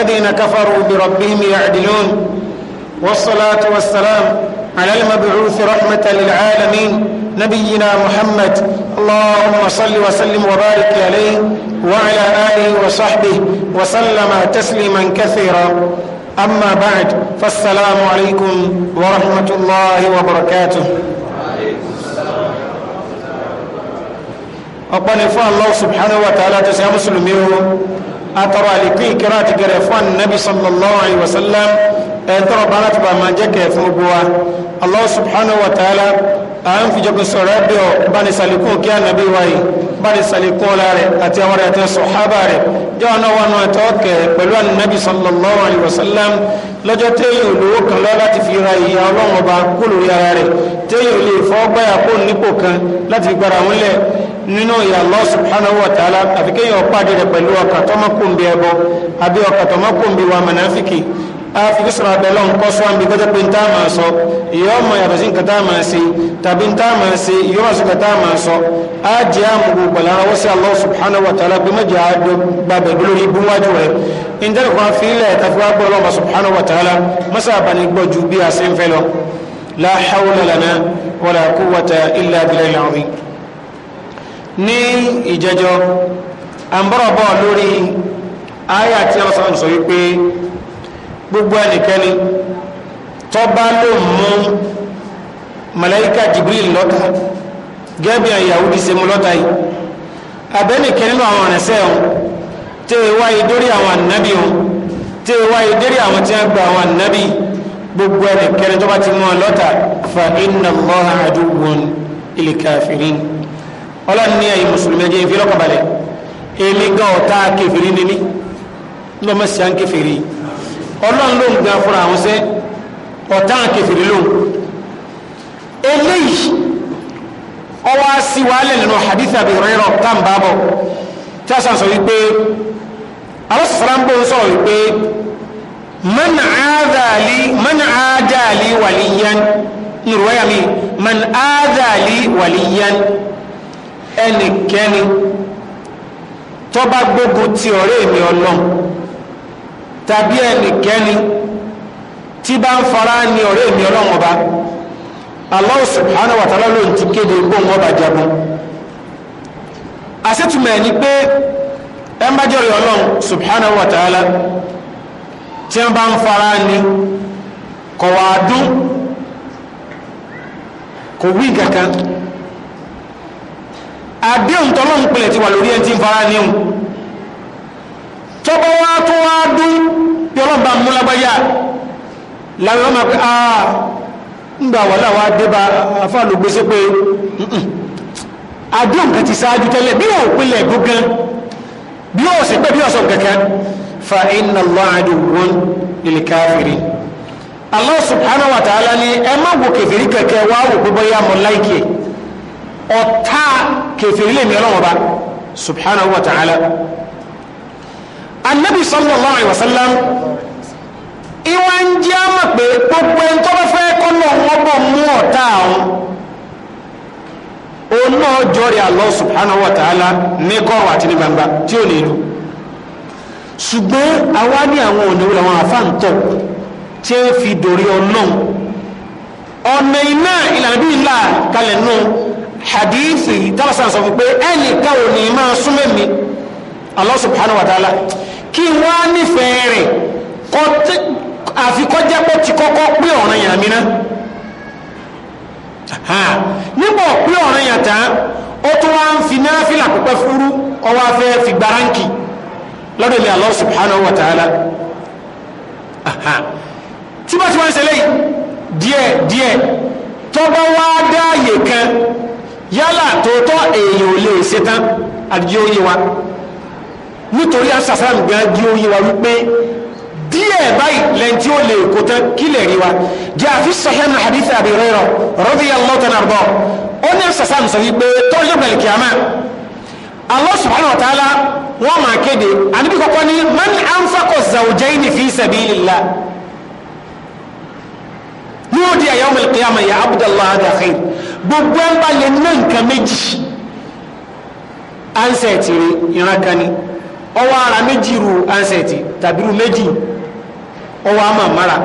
الذين كفروا بربهم يعدلون والصلاة والسلام على المبعوث رحمة للعالمين نبينا محمد اللهم صل وسلم وبارك عليه وعلى آله وصحبه وسلم تسليما كثيرا أما بعد فالسلام عليكم ورحمة الله وبركاته أقبل الله سبحانه وتعالى تسيا مسلمين atọrọ àlékún ìkẹrọ àti gẹrẹ fún anabi sallallahu alayhi wa sallam ẹ̀ntọ́rọ̀ bá láti bá máa jẹ́ kẹ̀ fún gbogbo wa allah subhanahu wa ta'ala a ń fi jọkùn sọ̀rọ̀ bí ọ bá ní sàlékún kí anabi wáyé bá ní sàlékún ọ̀la rẹ̀ àti àwọn rẹ̀ àti sọ̀hábà rẹ̀ jọ́ọ̀nà wọn náà tọ́ kẹ̀ pẹ̀lú ànábì sallallahu alayhi wa sallam lọ́jọ́ téèyàn olówó kan lọ láti fi ra ìyá ọlọ́run ọba kó lórí ara rẹ̀ téèyàn lè fọ́ gbáyà kó nípò kan láti fi gbára wọn lẹ̀ nínú ìyá Allah subhanahu wa ta'ala àfi kéèyàn pàdé pẹ̀lú ọkà tọ́mọ́kùnbi ẹbọ àbí ọkà tọ́mọ́kùnbi wa mọ̀nàfíkì afilisira abẹ́lọ́ ńkọ́ sọ àmì gbọ́dọ̀ pé ntá máa sọ ìyọ́ ọmọ yàtọ̀ sí nǹkan tá máa ṣe tàbí ntá máa ṣe ìyọ́ ọmọ sí nǹkan tá máa sọ á jẹ́ àmùgbò gbàlára wọ́n sí Allah subhanahu wa ta'ala pé mẹ́jọ àjọ gbàgbẹ́ dúró ní ibú wájú rẹ̀ ìjẹ́rìí kan fi ilẹ̀ tàfi wá gbọ́dọ̀ ọmọ subhanahu wa ta'ala mọ́sá àbáni gbọ́ ju bí a ṣe ń la hawla lana wala quwwata illa billahi al-azim ní ìjẹjọ àǹbọ̀rọ̀ bọ̀ lórí ayé àti ọ̀sán sọ wípé gbogbo ẹnikẹ́ni tọ́ba ló mú màláíkà Jibril lọ́ta gẹ́bí Yahudi ṣe mú lọ́ta yìí abẹ́nìkẹ́ nínú àwọn ọ̀rẹ́sẹ̀ ọ̀hún tẹ́ ẹ wáyé dórí àwọn ànábì ọ̀hún tẹ́ ẹ wáyé dórí àwọn tí wọ́n gba àwọn ànábì gbogbo ẹnikẹ́ni tọ́ba ti mú ọ lọ́ta fa inna Allaha aduwwun lil kafirin ọlọ́ni ẹ̀yìn mùsùlùmí ẹ̀jẹ̀ ìfilọ́kọ̀balẹ̀ èmi gan ọ̀tá kẹfìrí ni mí lọ́mọ kẹfìrí yìí ọlọ́run ló ń gan fúnra àwọn sẹ́ ọ̀tá kẹfìrí ló eléyìí ọwọ́ sí wàhálẹ̀ nínú hadith Abi Hurairah tá n bá bọ̀ tí a sàn sọ wípé àwọn sàrà ń bọ̀ ń sọ̀rọ̀ wípé man aadali man aadali waliyan nùrọ̀yà man aadali waliyan ẹnikẹ́ni tó bá ti ọ̀rẹ́ mi ọlọ́run tàbí ẹnikẹ́ni tí bá ń fara ní ọ̀rẹ́ mi ọlọ́run ọba Allah subhanahu wa ta'ala ló ń ti kéde gbóhùn ọba jagun àṣetùmọ̀ ẹ̀ ni pé ẹ ọlọ́run subhanahu wa ta'ala tí wọ́n bá ń fara ní kọ̀wá dún kò wí kankan àdéhùn tọ́lọ́ ń ti wà lórí ẹni tí ń fara níhùn tọ́bọ̀ wá tó wá dún bí ọlọ́run bá mú lágbáyà làwọn ọmọ pé a ńgbà wà láwa débà afáàlú gbèsè pé àdó nǹkan ti ṣáájú tẹ́lẹ̀ bí ò pinlẹ̀ gbógan bí ò sì pé bí ọ̀sán kankan fa inna Allaha aduwwun lil kafirin Allah subhanahu wa ta'ala ni ẹ má wo kẹfìrí kẹkẹ wá wò pé bóyá mo láìkì ẹ ọ̀tá kẹfìrí lèmi ọlọ́wọ́ bá subhanahu wa ta'ala anabi sallallahu alayhi wa sallam ìwà ń jẹ́ àmọ̀ pé gbogbo ẹni tó bá fẹ́ kọ́ lọ wọ́n bọ̀ mú ọ̀tá àwọn òun náà jọrìí Allah subhanahu wa ta'ala ní kọ́rọ̀ àti ní gbangba tí ò ní ṣùgbọ́n àwa ní àwọn òníwò làwọn àfáǹtọ̀ tí ó fi dòrí ọlọ́run ọ̀nà iná ìlànà bíi ńlá kalẹ̀ nù hadithi tábàsán sọ fún pé ẹnì kan ò máa súnmọ́ mi subhanahu wa ta'ala kí wọ́n á nífẹ̀ẹ́ rẹ̀ àfikọ́jẹ́ pé ti kọ́kọ́ pé ọ̀ràn yàn mí ná nígbà pé ọ̀ràn yàn tán ó tún wá ń fi náfìlà pípẹ́ fúrú ọwọ́ afẹ́ fi gbaráǹkì lọ́dọ̀ ilé Allah subhanahu wa ta'ala tí wọ́n ti wọ́n ń ṣe léyìí díẹ̀ díẹ̀ tọ́gbọ́ wá dáàyè kan yálà tòótọ́ èèyàn ò lè ṣe tán àdìjọ́ yé wa nítorí asàsàràn gan jí ó yí wa wípé díẹ̀ báyìí lẹ́yìn tí ó lè kó tán kílẹ̀ rí wa jẹ́ àfi sahih hadith Abi Hurairah radiyallahu ta'ala anhu ó ní asàsàràn sọ wípé tọ́jú bẹ̀rẹ̀ kìámà Allah subhanahu wa ta'ala wọ́n máa kéde àníbi kọ́kọ́ ní man anfaqa zawjayni fi sabilillah ní ó di àyàwó al-qiyamah ya abdallah gbogbo ẹ̀ ń bá lè ná nǹkan méjì ansẹ̀ tìrì ìrankani ọwọ́ ara méjì ru ansẹ̀tì tàbí ru méjì ọwọ́ ama mara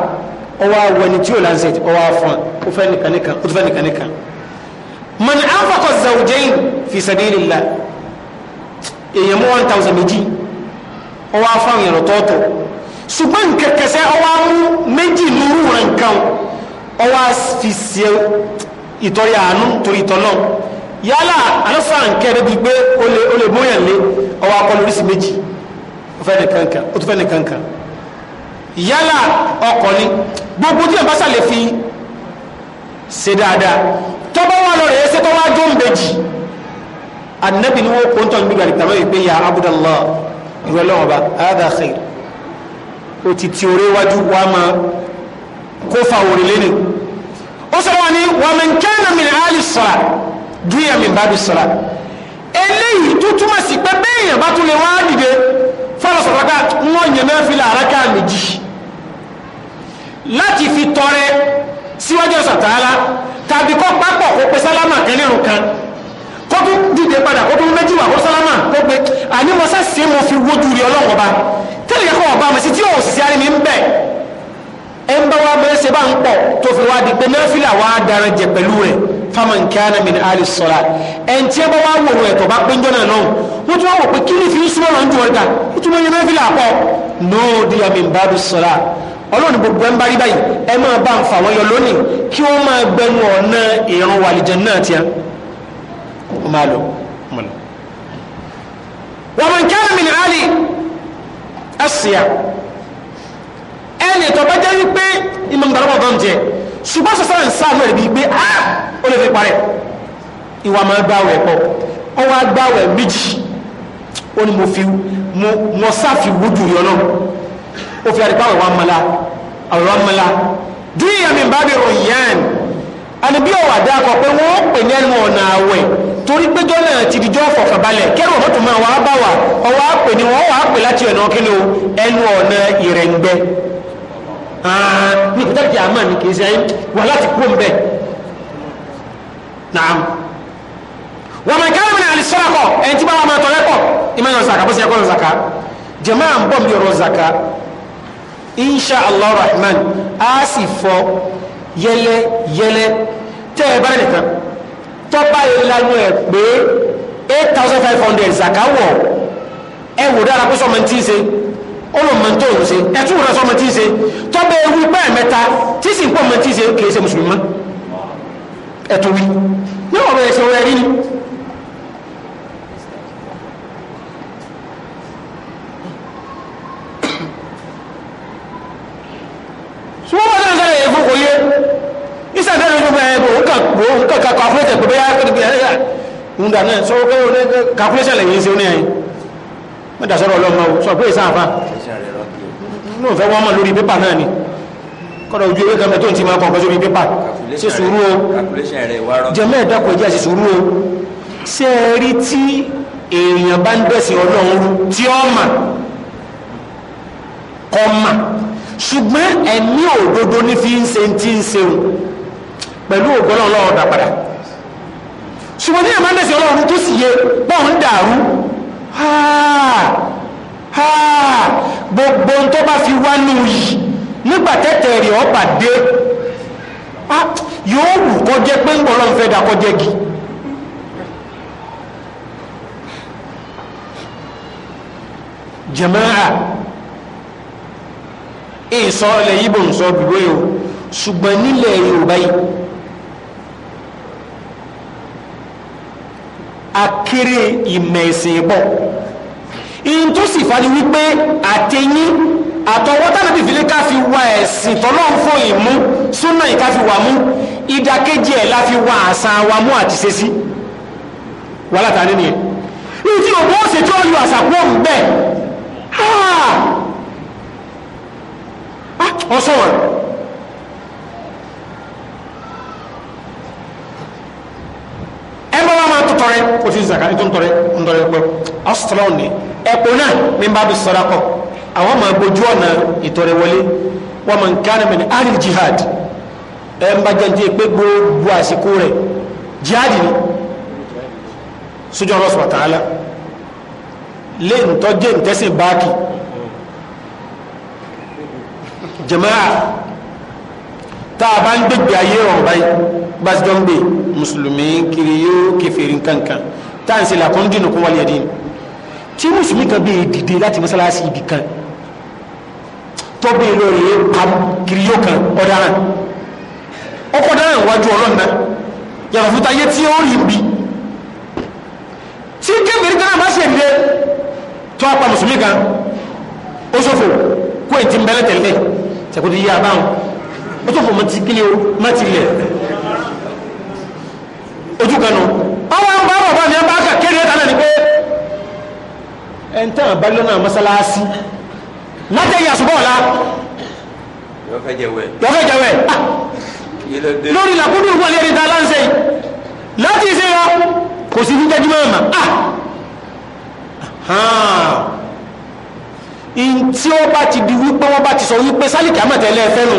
ọwọ́ awọni tí o lansẹ̀tì ọwọ́ afọ́n o fẹ́ nìkan nìkan o tún fẹ́ nìkan nìkan man anfaqa zawjayn fi sabilillah èèyàn mú one thousand méjì ọwọ́ afọ́n yẹn lọ́tọ́ọ̀tọ̀ ṣùgbọ́n kẹkẹsẹ́ ọwọ́ amú méjì nuru rẹ̀ nǹkan ọwọ́ fi ṣe ìtọ́rí àánú torí ìtọ́ náà yálà alọ́fà nkẹ́ débi pé o lè múyàn lé ọwọ́ akọlù oríṣi méjì o fẹ́ nìkan kan o tún fẹ́ nìkan kan yálà ọkọ̀ ni gbogbo tí ẹ̀bá sàlẹ̀ fi ṣe dáadáa tọ́bọ̀ wà lọ rẹ̀ ṣe tọ́ wá jọ mbèjì anabi ni wọ́n kó ń tọ́ níbi gbàdí tàbí ìpé ya abudullah ìwé lọ́wọ́ bá ada khair o ti ti orí wájú wa máa kó fa òrìlé ó sọ wọn ni wàmẹ̀ńkẹ́ na min ali sọ̀rọ̀ dúyà mi bá bí sọ́la eléyìí tó túmọ̀ sí pé béèyàn bá tún lè wá dìde fọlọ́sọ̀rọ̀ká wọ́n yẹn mẹ́fì làrákà méjì láti fi tọrẹ síwájú ọ̀sán tààlà tàbí kọ́ pápọ̀ kó pe sálámà kẹ́lẹ́rùn kan kó tún dìde padà kó tún méjì wà kó sálámà kó pe àní mo sẹ́sìn mo fi wojú rí ọlọ́wọ́ ba tẹ́lẹ̀ kẹ́kọ̀ọ́ ọba mi sí tí òsì ẹnba wa bẹ́ẹ̀ ṣe bá ń pọ̀ tó fi wá di pé náfìlà wa dara jẹ pẹ̀lú rẹ̀ faman kana min ali sọ̀la ẹn tí ẹ bá wá wòrò ẹ̀tọ́ bá péjọ náà náà wọ́n tún wá wò pé kí ni fi ń súnmọ́ lọ́njú wọn ká wọ́n tún wọ́n yẹ náfìlà pọ̀ nóò díya min badu sọ̀la ọlọ́run gbogbo ẹn bá rí báyìí ẹ máa bá ń fà yọ lónìí kí wọ́n máa gbẹnu ọ̀nà ìrún wàlìjẹ ẹni tó bá jẹ́ wípé ìmọ̀ ìgbàlọ́pọ̀ tó ń jẹ ṣùgbọ́n sọ́sọ́ ń sáà lórí bíi pé á ah! ó lè fi parẹ́ ìwà máa gbáwẹ̀ pọ̀ ó wá gbáwẹ̀ méjì ó ní mo fi mo sáfi yọ náà ó fi àdìpáwẹ̀ wá mọ́lá àwọn wá mọ́lá dúnyà mi bá bẹ̀rù yẹn àni bí ọ̀wà dá kọ pé wọ́n pè ní ẹnu ọ̀nà àwẹ̀ torí péjọ náà ti dìjọ́ fọ̀kànbalẹ̀ kẹ́rù ọ̀hún tó máa wàá bá wà ọwọ́ àpè ni wọ́n wàá pè láti ọ̀nà kí o ẹnu ọ̀nà ìrẹ̀ǹgbẹ́ Ah, ní ìpínlẹ̀ kí a máa ní kìí ṣe ayé wà láti kú ń bẹ̀ naam wọ́n máa kẹ́rẹ́ mìíràn àlè sọ́ra kọ́ ẹni tí bá wà máa tọ́ lẹ́kọ̀ọ́ ìmọ̀ yọ zaka bó ṣe ẹ̀kọ́ yọ zaka jẹ̀mọ́ à ń bọ̀ mi ọ̀rọ̀ zaka insha allah rahman a sì fọ yẹlẹ yẹlẹ tẹ́ ẹ bá nìkan tọ́ba ìlànà ẹ̀ pé eight thousand five hundred zaka wọ̀ ẹ wò dára kó sọ́mọ́ ti ń ṣe olùmọ̀ tó ń ṣe ẹ̀tún rẹ̀ sọmọ tí ń ṣe tọ́bẹ̀ ewu pẹ́ẹ̀mẹ́ta tí sì ń pọ̀ mọ́ tí ń ṣe kìí ṣe mùsùlùmí ẹ̀tún wí ní ọ̀rọ̀ ẹ̀sẹ̀ rẹ̀ rí ni ṣùgbọ́n bá tẹ́lẹ̀ sọ́rọ̀ èèfún kò yé ìṣàtẹ́ lójú bẹ́ẹ̀ bò ń kàkó ń kàkó calculation pẹ̀lú yá ń dà náà sọ́wọ́ kẹ́ wọ́n dà sọ́rọ̀ ọlọ́mọ sọ pé ìsáàfà ní òfẹ́ wọ́n mọ̀ lórí pépà náà ni kọ́dọ̀ ojú ewé kẹfẹ́ tó ń ti máa kọ̀ọ̀kan sórí pépà ṣe sùúrù o jẹ́mọ́ ẹ̀dàkọ̀ ẹ̀jẹ̀ ṣe sùúrù o ṣe é rí tí èèyàn bá ń dẹ̀sìn ọlọ́run tí ó mà kọ́ mà ṣùgbọ́n ẹ̀mí òdodo ní fi ń ṣe ti ń ṣeun pẹ̀lú ògbọ́n ọlọ́run dà padà ṣùgbọ́n tí èèyàn bá ń dẹ̀sìn ọlọ́run tó sì yẹ gbogbo tó bá fi wá ní yìí nígbà tẹ́tẹ̀ rẹ̀ ọ́ pàdé yóò wù kó jẹ́ pé ń gbọ́rọ̀ ń fẹ́ dà kó jẹ́ gi. jẹ̀máà ìsọ̀lẹ̀ yìí bò ń sọ dúró yìí ṣùgbọ́n nílẹ̀ Yorùbá yìí akéré ìmọ̀ ẹ̀sìn bọ̀ ihun tó sì fani wípé àtẹ̀yìn àtọwọ́ tàbí ìfilé ká fi wá ẹ̀sìn tọ́lọ́ ń fò ìmú súnà ìka fi wà mú ìdákẹ́jẹ́ ẹ̀ la fi wá àṣà wa mú àti ṣe sí wà látàrí nìyẹn ní tí òbó ṣe tí ó yọ àṣà pọ̀ ń bẹ̀ ọ̀sán ah! ah! wọn. ẹ bá wa máa ń tọrẹ kò sí zaka ní tó ń tọrẹ ń tọrẹ pẹ ọsítọrọ ni ẹpọ náà mi bá bi sọra kọ àwọn máa bójú ọ̀nà ìtọrẹ wọlé wọn máa ń kánà mẹni ali jihad ẹ ń bá jẹjẹ pé gbogbo àsìkò rẹ jihad ni sójú ọlọ́run sọ̀rọ̀ tààlà lé ntọ́jé ntẹ́sìn báàkì jamaa tá a bá ń gbègbè ayé ọ̀rọ̀ báyìí gbásíjọ́ ń gbé mùsùlùmí kiri yóò kẹfẹ́rin kankan táǹsì làkún dínú kún wálé ẹ̀dín tí mùsùlùmí kan bèè dìde láti mọ́sálásí ibì kan tó bèè lórí pam kiri yóò kan ọ̀daràn ọkọ̀ ọ̀daràn wájú ọlọ́ọ̀nà yàtọ̀ fún tayé tí ó rí bi tí kẹfẹ́rin kan náà má ṣe lé tó apá mùsùlùmí kan ó ṣòfò kó ètí ń bẹ́lẹ̀ tẹ̀lé tẹ̀kọ́ ti yí abáhùn ó ṣòfò mọ́tí kílẹ̀ ó mọ́tí lẹ̀ ojú kan nù ọwọ́ ń bá bàbá mi bá kà kéde tánà ni pé ẹ̀ńtàn àbálọ́nà mọ́sálásí látẹ̀yìn àṣùbọ̀ ọ̀la yọ̀fẹ́ jẹ̀wẹ̀ ah! lórí làkúndù wọlé ẹni ta láǹṣẹ́ yìí láti ṣe yọ kò sí ní jẹ́jú mọ́ ah! ntí ó bá ti di wípé wọ́n bá ti sọ wípé sálìkì àmọ̀tẹ́lẹ̀ fẹ́nu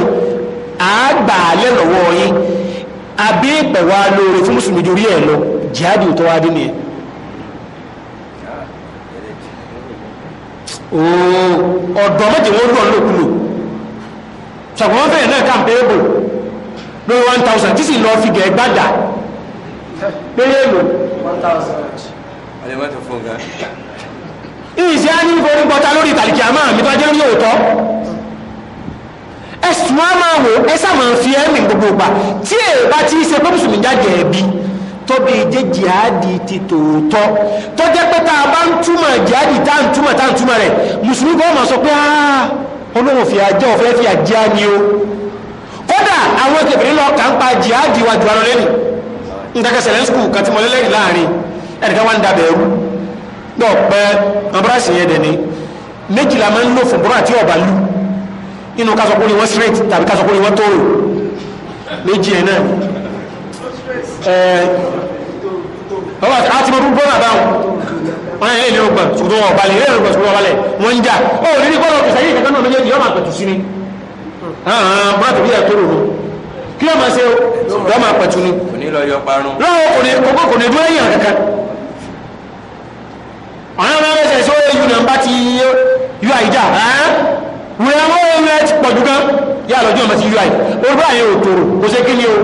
àgbà lẹ́lọ́wọ́ yín àbí ìpẹ̀wà lóore fún mùsùlùmí ju rí ẹ̀ lọ jihadi tó wá dé nìyẹn. ọ̀dọ́ méjì wọ́n lọ lókulò ṣàkóso fẹ́yìn náà kà ń lórí one thousand tí sì lọ fi gẹ̀ẹ́ gbàdà péré èlò. one thousand. ọ̀lẹ́ mọ́tò fún un gan. ìṣe á ní forí gbọ́ta lórí ìtàlìkì àmọ́ àmì tó ẹ̀sùn wọn máa wò ẹ̀sà máa fi ẹ̀mí gbogbo gbà tí èyí bá ti ṣe pé mùsùlùmí jáde ẹ̀bí tọ́bi jẹ́ jihadi ti tòótọ́ tó jẹ́ pé tá a bá ń túmọ̀ jihadi tá à ń túmọ̀ tá à ń túmọ̀ rẹ̀ mùsùlùmí kọ́ máa sọ pé ọlọ́run fi àjẹ́ ọ̀fẹ́ fi àjẹ́ á o kódà àwọn kẹfìrí lọ kà ń pa jihadi wa jù arọ́lẹ́ nì ntẹ́kẹsẹ̀lẹ̀ ń skul kàtí mọ́lẹ́lẹ́yìn láàrin ẹ̀ẹ́dẹ̀kẹ́ wá ń dabẹ̀ ẹ̀rú náà pẹ́ abúrásì yẹn dẹ̀ ni méjìlá máa ń lò fún búrọ́ àti ọ̀bàlú nínú kásọkó ni wọ́n straight tàbí kásọkó ni wọ́n tóòrò méjì ẹ̀ náà ọwọ́ àti mọ̀ bọ́ bàbá wọn ẹ̀yẹ́ ilé ọgbọ̀n ṣùgbọ́n wọn ọ̀balẹ̀ ilé ọgbọ̀n ṣùgbọ́n ọ̀balẹ̀ wọ́n ń jà ó rí ní bọ́ọ̀lù ìṣẹ́yìn ìkẹ́kẹ́ náà méjèèjì yọ́ máa pẹ̀tù sí ni ah, ah, máa tòbí ẹ̀ tó rò kí ló máa ṣe yọ́ máa pẹ̀tù ni kò ní lọ yọ parun lọ́wọ́ kò ní kókó kò ní dúró yàn kankan àwọn ọmọ ẹgbẹ́ sẹ́yìn sọ́wọ́ yìí nà ń bá ti yọ àyíjà wọ́n yà wọ́n yẹn ti pọ̀ dùgán yà lọ́jọ́ ọmọ ti yú àyè orúkọ àyè ò tòrò kò ṣe kíni o.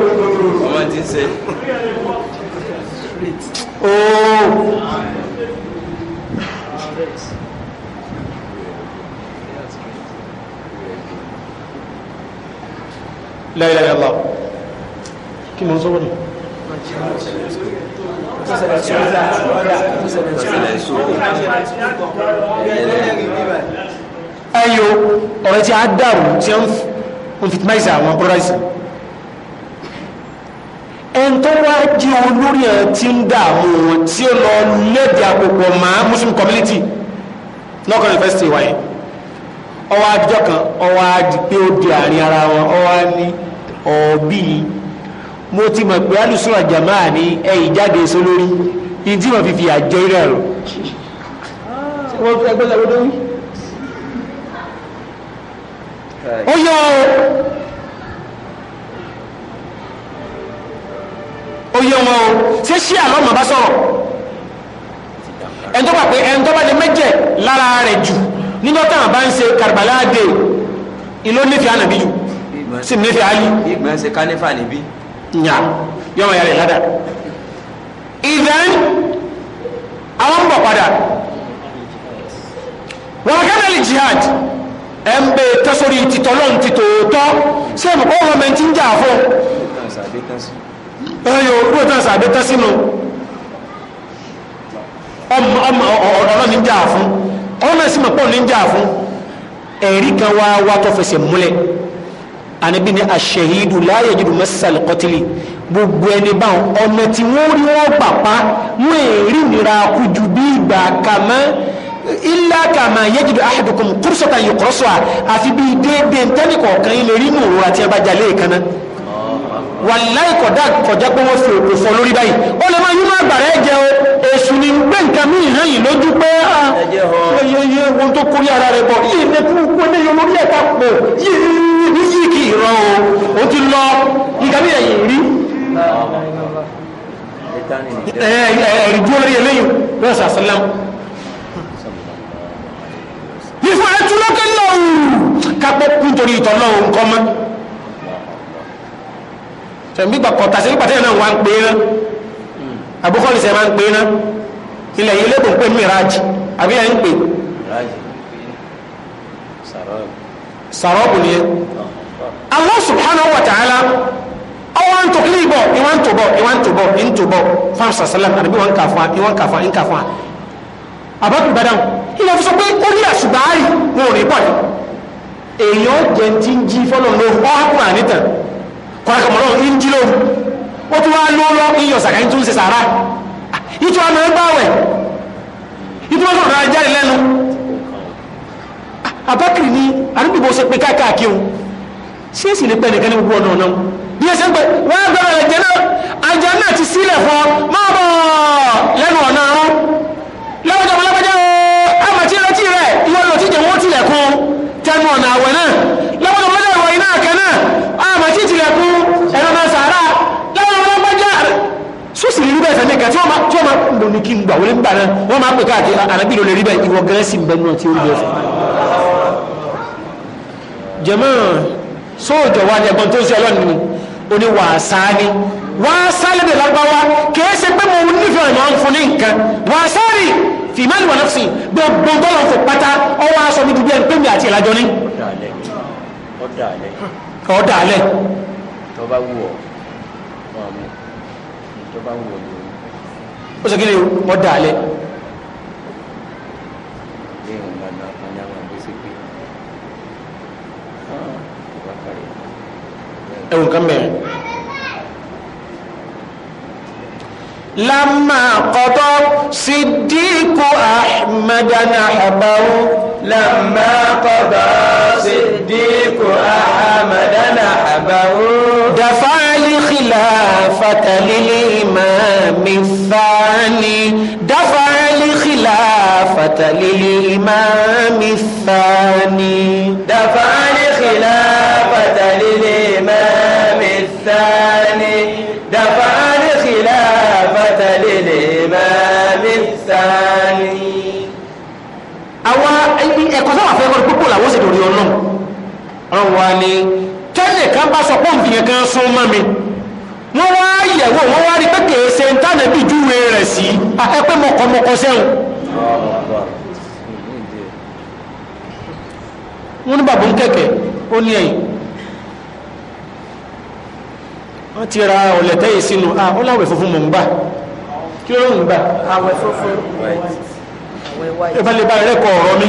ọmọ ti ń ṣe. ooo. láyé lọ́la kí mo ń sọ wọ́n ni. Thank you ayo ọ̀rẹ́ tí a dàrú tí ó ń fitmáìsì àwọn brọ́dásì ẹn tó wá jí olórí ẹ̀ tí ń dààmú wọn tí ó lọ lẹ́dí àpòpọ̀ mọ́ muslim community lọ́kọ̀ university wáyé ọwọ́ adijọ́ kan ọwọ́ adi pé ó di àárín ara wọn ọwọ́ ní ọ̀ọ́bí mo ti mọ̀ pé alùsùn àjàmá ní ẹ̀yìn jáde sólórí ní tí fi fi àjẹ́ rẹ̀ rọ̀ ẹgbẹ́ sàlódé wí ó yọ ó yọ wọn o ṣé ṣí àlọ́mọ bá sọ̀rọ̀ ẹni tó bá pé ẹni tó bá lè mẹ́jẹ̀ lára rẹ̀ jù nínú táwọn bá ń ṣe kàrìbàlá dé ìlú nífẹ̀ẹ́ ànàbí jù sí nífẹ̀ẹ́ àlì. ìgbọ̀n ṣe kánífà níbí. nya yọmọ yàrá ìlàdà ìdán àwọn ń bọ̀ padà wọ́n kẹ́lẹ́ lè jihad. ẹ ń bẹ tẹ́sórí títọ́ lọ́n ti tòótọ́ ṣé ìmọ̀kọ́ gọ́ọ̀mẹ̀ntì ń jà fún ẹyọ gbọ́dọ̀ tán sàbẹ́ tán sínú ọ̀rọ̀ ní jà fún ọ̀nà sí mọ̀pọ̀ ní jà fún ẹ̀rí kan wá wá tó fẹsẹ̀ múlẹ̀ àníbí ni àṣẹ̀hídù láàyè jùlọ gbogbo ẹni báwọn ọ̀nà tí wọn rí wọ́n pàpá wọ́n èrí nira kú ju bí ìgbà kàmẹ́ ilá kàmá yéjìdó ahadukum kúrúsọ̀tà yìí kọ́sọ̀ à àfi bíi déédéé ntẹ́nì kọ̀ọ̀kan yìí lè rí mòrò àti ẹ̀bàjà lè kanna wàláì kọ̀dá kọjá pé wọ́n fi òkò fọ lórí báyìí ó lè máa yí máa gbàrà ẹ̀jẹ̀ o èṣù ni gbé nǹkan mí ìhàn yìí lójú pé ayẹyẹ ah, ohun tó kórí ara rẹ̀ bọ̀ yìí ní kú kú ní yọ lórí ẹ̀ka pọ̀ yìí ní yìí kì í rọ o ó ti lọ nǹkan mí ẹ̀yìn rí ẹ̀rí dúró lórí eléyìí lọ́sàásálàmù ìfàtúlọ́kẹ́ lọ́wọ́ kápẹ́ nítorí ìtọ́lọ́ nǹkan mọ́ tẹ̀mí gbàkọ̀ tàṣí nípa tẹ́yìn náà wà ń pè é ná abúkọ́lì sẹ́ máa ń pè é ná ilẹ̀ yìí lébùn pé mìíràjì àbí ẹ̀ ń pè sàrọ́ọ̀bù ni ẹ Allah subhanahu wa ta'ala ọwọ́ ń tó kílì bọ̀ ìwọ́n ń tó bọ̀ ìwọ́n ń tó bọ̀ ìwọ́n ń tó bọ̀ fáwọn sàṣẹ́lẹ̀ àdébí wọn kà fún wa ìwọ́n kà fún wa ìwọ́n kà fún wa àbákùn bá dáhùn ilẹ̀ fi sọ pé ó rí àṣùgbà àárí wọn ò rí pọ̀ ní èèyàn jẹ ti ń jí fọ́lọ̀ ló ọ́ ápùn ànítàn kọ̀ọ̀kọ̀mọ̀ náà ń jí lóru ó tún wá ló lọ iyọ̀ sàkáyí tún ṣe sàrá ìtura náà gbáwẹ̀ ìtura náà rárá jáde lẹ́nu àbákùn ni àdúgbò ṣe pé káàkiri òun ṣé èsì lè pẹ́ nìkan ní gbogbo ọ̀nà ọ̀nà bí ẹ ṣe ń pẹ́ wọ́n á gbọ́dọ̀ ẹ̀jẹ̀ náà àjẹ́ náà ti sílẹ̀ fún máa bọ̀ lẹ́nu ọ̀nà tilẹ̀kùn tẹnu ọ̀nà àwẹ̀ náà lọ́wọ́n tó mọ́lẹ̀ ìwọ̀nyí náà kẹ́ náà àmọ́ tí tilẹ̀kùn ẹ̀rọ náà sàárà lọ́wọ́n tó gbọ́jà sùsì rí bẹ́ẹ̀ wàásálì dè lágbáwá kìí ṣe pé mo nífẹ̀ẹ́ rẹ̀ máa ń fún ní nǹkan wàásálì fìmẹ́lì wà náà sí gbogbo tọ́lọ̀ fò pátá ọwọ́ aṣọ mi dúdú ẹni pé mi àti ìlàjọ ní. ọ̀dà alẹ́. ìjọba wù ọ́ ìjọba wù ọ́ ni ó ṣe kí ni ọ̀dà alẹ́. ẹ̀wọ̀n kan mẹ́rin. لما قضى صديق أحمد نحبه لما قضى صديق أحمد نحبه دفع الخلافة للإمام الثاني دفع الخلافة للإمام الثاني دفع الخلافة للإمام الثاني دفع làwọn sì dòrí ọlọ́run ọlọ́run wa ni tẹ́lẹ̀ kan bá sọ pọ́ǹpì yẹn kan sún mọ́ mi wọ́n wá yẹ̀wò wọ́n wá rí pé kèé ṣe ń tánà bí júwe rẹ̀ sí ẹgbẹ́ mọ̀kọ̀mọ̀kọ̀ sẹ́wọ̀n. wọ́n ní bàbá ń kẹ̀kẹ́ ó ní ẹ̀yìn wọ́n ti ra ọ̀lẹ̀tẹ́ yìí sínú a ó láwẹ̀ funfun mọ̀ ń gbà kí ló ń gbà. àwẹ̀ funfun ìbálẹ̀ bá rẹ̀ kọ̀ ọ̀rọ̀ mi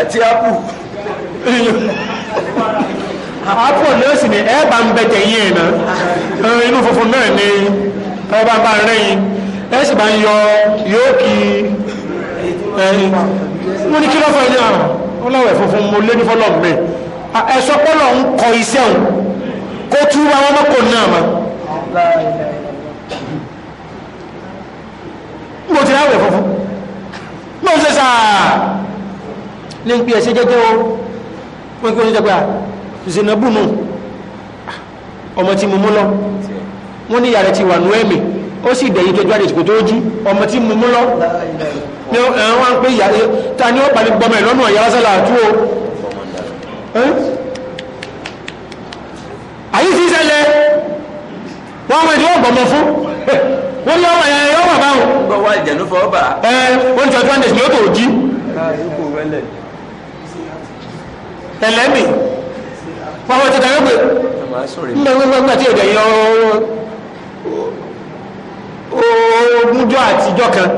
àti apu apu náà sì ni ẹ bá ń bẹ tẹ̀yìn ẹ̀ náà inú funfun náà ni ẹ bá ń bá rẹ́yìn ẹ sì bá ń yọ yóò kí ẹyin mo ní kí ló fẹ́ ní àrùn ó láwẹ̀ funfun mo lé ní fọlọ́ mi ẹ sọ pé lọ́n kọ iṣẹ́ òun kó tú àwọn ọmọkò náà mọ́ mo ti láwẹ̀ funfun mo ń ṣe sáà ní pí ẹsẹ jẹjẹ o wọn kí wọn jẹ pé zinabu nù ọmọ tí mo mú lọ wọn ní ìyá rẹ ti wà nù ẹmí ó sì dẹ̀yìn tó jáde ìsìnkú tó jí ọmọ tí mo mú lọ ní ẹ̀rọ wọn pé ìyá ta ni ó pàdé gbọmọ ẹ̀ lọ́nà ìyá lásán làtú o àyí sí ṣẹlẹ̀ wọn mọ ìdíwọ́ gbọmọ fún wọn ní ọmọ ẹ̀yẹ ọmọ báwọn. ẹ wọn ní twenty one days ni tó jí ẹlẹ́mì wọ́n ti dáná pé nígbàgbọ́gbà tí èdè yọ ogúnjọ́ àtijọ́ kan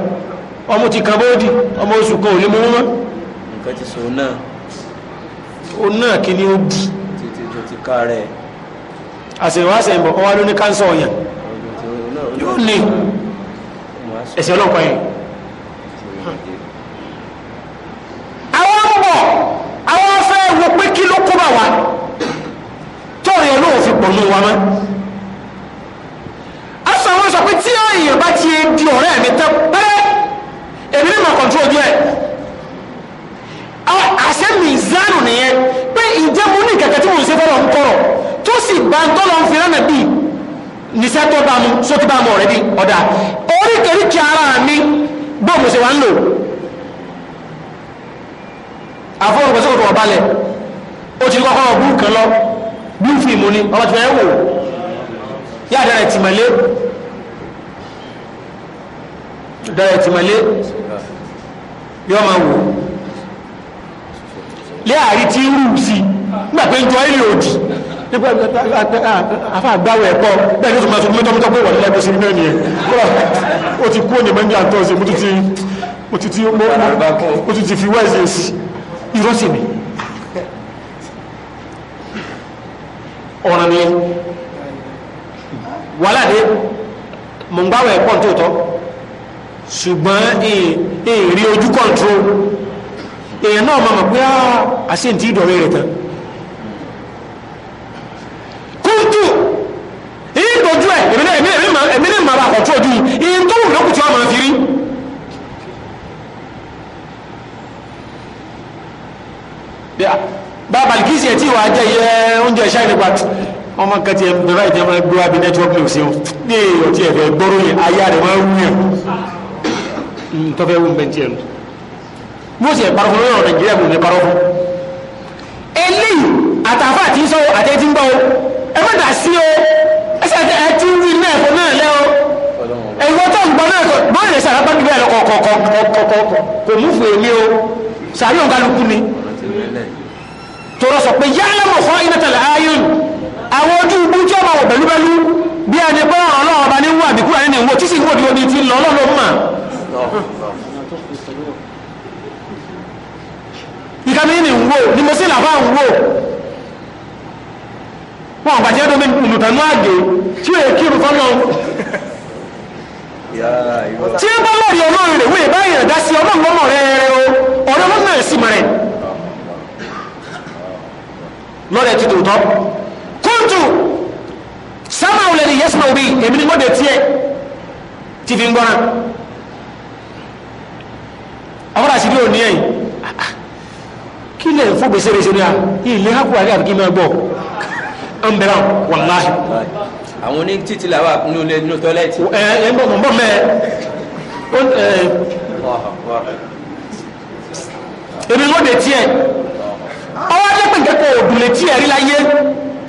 ọmọ ti kan bóódì ọmọ oṣù kan ò lè mú mọ́ nǹkan ti sọ náà ó náà kí ni ó di títí tó ti ká rẹ̀ àṣèwọ́ àṣẹ̀yìnbọ̀ ọwá ló ní káńsọ̀ ọ̀yàn yóò ní ẹ̀sẹ̀ ọlọ́pàá yìí pé kí ló kó bà wá tọ́ọ̀rọ̀ yẹn lóò fi pọ̀ lóun wa mọ́ aṣọ àwọn sọ pé tí èèyàn bá ti di ọ̀rẹ́ mi tán pẹ́rẹ́ èmi ní mà kọ̀ntró ojú ẹ̀ àṣẹ mi zánù nìyẹn pé ìjẹ́ mo ní kẹ̀kẹ́ tí mo ń ṣe fọ́lọ́ ń kọ̀rọ̀ tó sì gba ń tọ́lọ́ ń fi rẹ́nà bíi níṣẹ́ tó bá mu sókè bá mu ọ̀rẹ́ bí ọ̀dà oríkèéríkèé ara mi bó mo ṣe wá ń lò àfọwọ́n kò tó wọ́n balẹ̀ ó ti kọ́kọ́ ọ̀gbùn kan lọ bí ń fi ìmú ni ọmọ ti fẹ́ wò yá dára ìtìmọ̀lé dára ìtìmọ̀lé yọ máa wò lé àrí tí ń rù sí nígbà pé ń jọ ilé òdì nípa àfa àgbáwẹ̀ ẹ̀kọ́ bẹ́ẹ̀ ní ìtumọ̀ àtúntò mẹ́tọ́mẹ́tọ́ pé wọ̀lẹ́ lẹ́gbẹ̀ẹ́ sí ní mẹ́rin yẹn ó ti kú òní mẹ́rin àtọ́sí mo ti ti fi wẹ́ẹ̀sì sí irọ́sì mi ọ̀ràn nìyẹn wàhálà dé mò ń gbáwọ̀ ẹ̀kọ́ tó tọ́ ṣùgbọ́n èrè ojú kọ̀ǹtró èèyàn náà máa mọ̀ pé ah, àṣẹ ntí ìdọ̀rẹ́ rẹ̀ tán kúntù ìdòjú ẹ̀ èmi náà máa bá àkọ́tù ojú yìí ìyẹn tó wù lókùtì ọmọ fi rí. Yeah bàbá kìsì ẹ̀ tí wàá jẹ́ yẹ oúnjẹ ṣáà nípa ọmọ kan ti ẹ̀ bẹ̀rẹ̀ àìjẹ́ máa gbé wábi network lè ṣe ní ọtí ẹ̀fẹ̀ gbọ́rọ̀ yẹn aya rẹ̀ máa ń wúyàn tọ́fẹ́ wù bẹ́ẹ̀ tiẹ̀ nù. mo sì ẹ̀ parọ́ fún lọ́rọ̀ nàìjíríà kò ní parọ́ fún. eléyìí àtàfà àti sọ àti ẹtí ń gbọ́ o ẹ má dà sí o ẹsẹ̀ ẹtí ń wí náà fún náà lẹ́ o ẹ̀wọ́ tó ń gbọ́ náà bọ́ọ̀lù ẹ̀sẹ̀ àlábàgbé ẹ̀ lọ kọ̀ọ̀kọ̀ọ̀kọ̀ kò mú fún èmi o sàárẹ̀ òǹkálukú ni tọrọ sọ pé yálẹ̀ fọ́ iná tẹ̀lẹ̀ àwọn ojú ibú tí ọmọ wọ̀ pẹ̀lúpẹ̀lú bí a ní pé ọlọ́wọ́ bá ní wà bí kúrò ní ìwọ tí sì ń wòdì omi ti lọ lọ́lọ́ mà. ìkàmí ni ń ni mo sì làbá ń wò wọn àgbàjẹ́ olùtànú àgbè tí ó yẹ kírun fọ́lọ́ tí ó bá lọ́ọ̀rì ọlọ́run rẹ̀ wíì báyìí ẹ̀dá sí ọlọ́run lọ́mọ rẹ̀ rẹ̀ o ọ̀rẹ́ lọ́mọ ẹ̀sìn rẹ̀ lọ́rẹ̀ ti tòótọ́ kúntù sáma wulẹ̀ ni yẹ́sùmá òbí èmi ni mọ́dẹ̀ tiẹ̀ ti fi ń gbọ́nà ọkọ̀dà sí ní òní ẹ̀yìn kí lè fún gbèsè gbèsè ní a ilé hákùwà ní àbíkí máa gbọ́ ń bẹ̀rẹ̀ wàláhì. àwọn oní títí làwà nínú ilé nínú tọ́lẹ́tì. ẹ ẹ ń bọ̀ mọ̀ mẹ́ èmi mọ́dẹ̀ tiẹ̀ ọwọ́ pé kẹ́kọ̀ọ́ òdùnlé tí ẹ̀rí láyé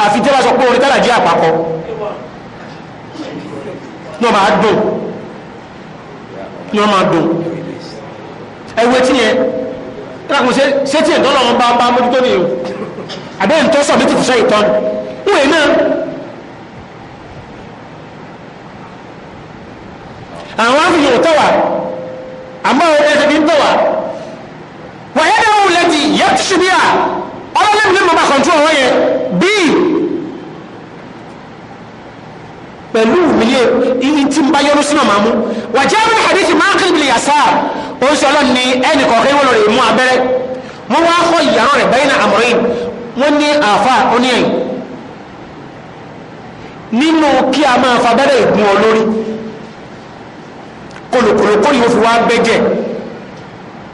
àfi tẹ́lá sọ pé orin tẹ́lá jẹ́ àpapọ̀ ní ọmọ àdùn ní ọmọ àdùn ẹwẹ́ tí yẹn rákùn ṣé tí ẹ̀dọ́ lọ́wọ́ bá bá mójútó nìyẹn àbẹ́ ìtọ́sọ̀ ní ti fìṣẹ́ ìtọ́ni wọ́n náà àwọn afihàn tọ́wà àmọ́ ẹ̀ẹ́dẹ̀bí tọ́wà wà yẹ́dẹ̀ wọ́n lẹ́tì yẹ́ ọlọ́lẹ́ mi máa kọ̀ntún ọ̀rọ̀ yẹn bí pẹ̀lú ìmìlẹ̀ ìyí tí ń bá yọrù sínú màá mú ma jẹ́ àwọn hadithi máa ń kébìlì yàsá ó ń sọlọ́ ní ẹnì kọ̀ọ̀kan ìwọ̀n rẹ̀ mú abẹ́rẹ́ wọ́n wá kọ́ ìyàrá na àmọ́rí wọ́n ní àfa oníyàn nínú kí a máa fa abẹ́rẹ́ ìgbún ọ lórí kòlòkòlò kolokolo ó fi wá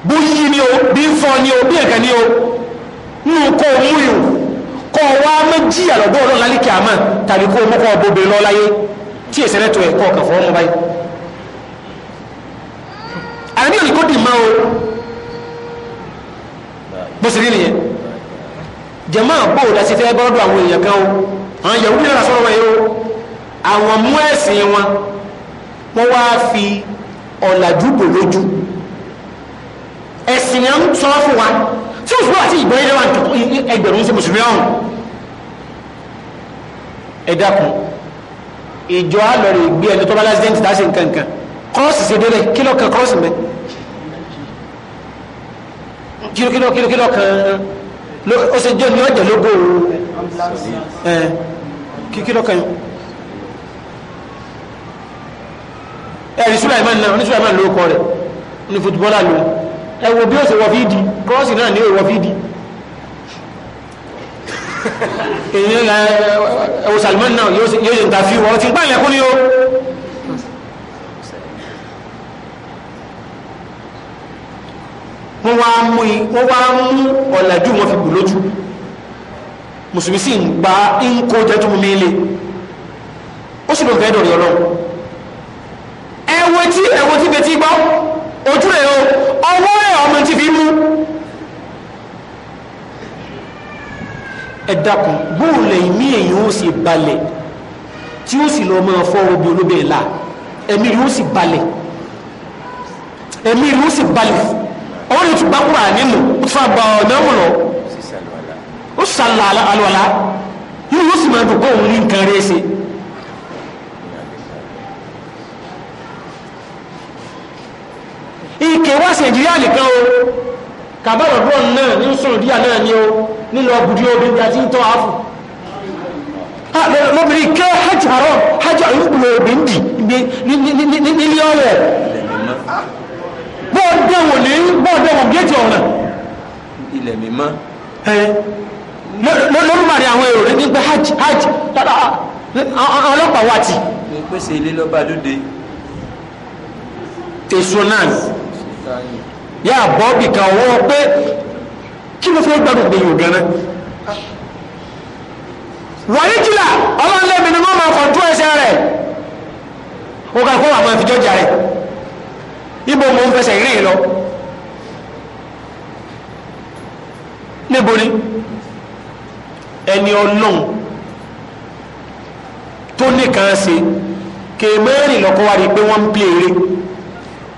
bó yí ni o bí fọ ni o bí ni o nínú kó o mú yòó kó o wá méjì àlọ́dọ́ ọlọ́run lálẹ́ kìámà tàbí kó o mú kó o bóbe lọ láyé tí èsì rẹ̀ tó ẹ̀ kọ́ ọ̀kan fọwọ́ mú báyìí. àní òní kò dì má o bó sì rí nìyẹn jẹ̀mọ́ àbò dàsí fẹ́ bọ́ọ̀dọ̀ àwọn èèyàn kan o àwọn yahoo bí náà sọ̀rọ̀ wọn yìí o àwọn mú ẹ̀sìn wọn wọ́n wá fi ọ̀làjú bò lójú ẹ̀sìn yẹn ń sọ fún wa tí òṣùpá àti ìgbọ̀nyẹ́ lọ́wọ́ ẹgbẹ̀rún sí mùsùlùmí ọ̀hún ẹ dákun ìjọ alọ̀rẹ̀ ìgbé ẹni tó bá lásìdẹ́ǹtì tá a ṣe nǹkan kan kọ́ọ̀sì ṣe délẹ̀ kílọ̀ kan kọ́ọ̀sì mẹ́ kílọ̀ kílọ̀ kílọ̀ kan ó ṣe jẹ́ ní ọjà lógo kíkílọ̀ kan ẹ̀rí Sulaiman náà oní Sulaiman ló kọ rẹ̀ ní fútbọ́lá lóyún ẹ wo bí ó ṣe wọ fídì kọ́ọ̀sì náà ní ìwọ fídì èyí la ẹwọ Salman náà yóò ṣe ìntàfí wọ́n ti ń pàlẹ̀ kú ní o wọ́n wá mú wọ́n wá mú ọ̀làjú wọn fi bù lójú mùsùlùmí sì ń gba ń kó jẹ́jú mú mi lé ó sì lọ fẹ́ dọ̀rẹ̀ ọlọ́run ẹwọ tí ẹwọ tí bẹ ti gbọ́ ojú rẹ̀ o ọwọ́ rẹ̀ ọmọ tí fi mú ẹ̀dàkùn gbóòlẹ̀ ìmí èyí ó sì balẹ̀ tí ó sì lọ máa fọ́ obi olóbẹ̀ ìlà ẹ̀mí rí ó sì balẹ̀ ẹ̀mí rí ó sì balẹ̀ ọwọ́ rẹ̀ tún bá kúrò nínú ó tún bá ọ̀nà mú lọ ó sàlọ̀ àlọ́ọ̀lá yóò sì máa dùn kó òun ní nǹkan rẹ̀ ṣe ike wá sí nàìjíríà nìkan o kàbáyọ̀ drone náà ní sọ̀rọ̀díà náà ni o nílò ọ̀bùdí obi tí a ti ń tọ́ àfù lọ́bìnrin ké hajj haram hajj ayúgbùn obìnrin dì nílé ọ̀wọ̀ bọ́ọ̀dẹ̀wò ní bọ́ọ̀dẹ̀wò géètì ọ̀nà ilẹ̀ mímọ́ lọ́rùmàrí àwọn èrò nígbà hajj hajj ọlọ́pàá pèsè yà bọ́ bì kan wọ́ pé kí ló fẹ́ gbàdúrà pé yóò gánà wàyí jìlá ọlọ́ọ̀lẹ́mi ni wọ́n máa fọ́jú ẹsẹ̀ rẹ̀ ó kà kó wà máa fi jọjà rẹ̀ ibo mo ń fẹsẹ̀ rí lọ níbo ni ẹni ọlọ́run tó nìkan ṣe kèémẹ́rin lọ́kọ́ wa rí i pé wọ́n ń pè é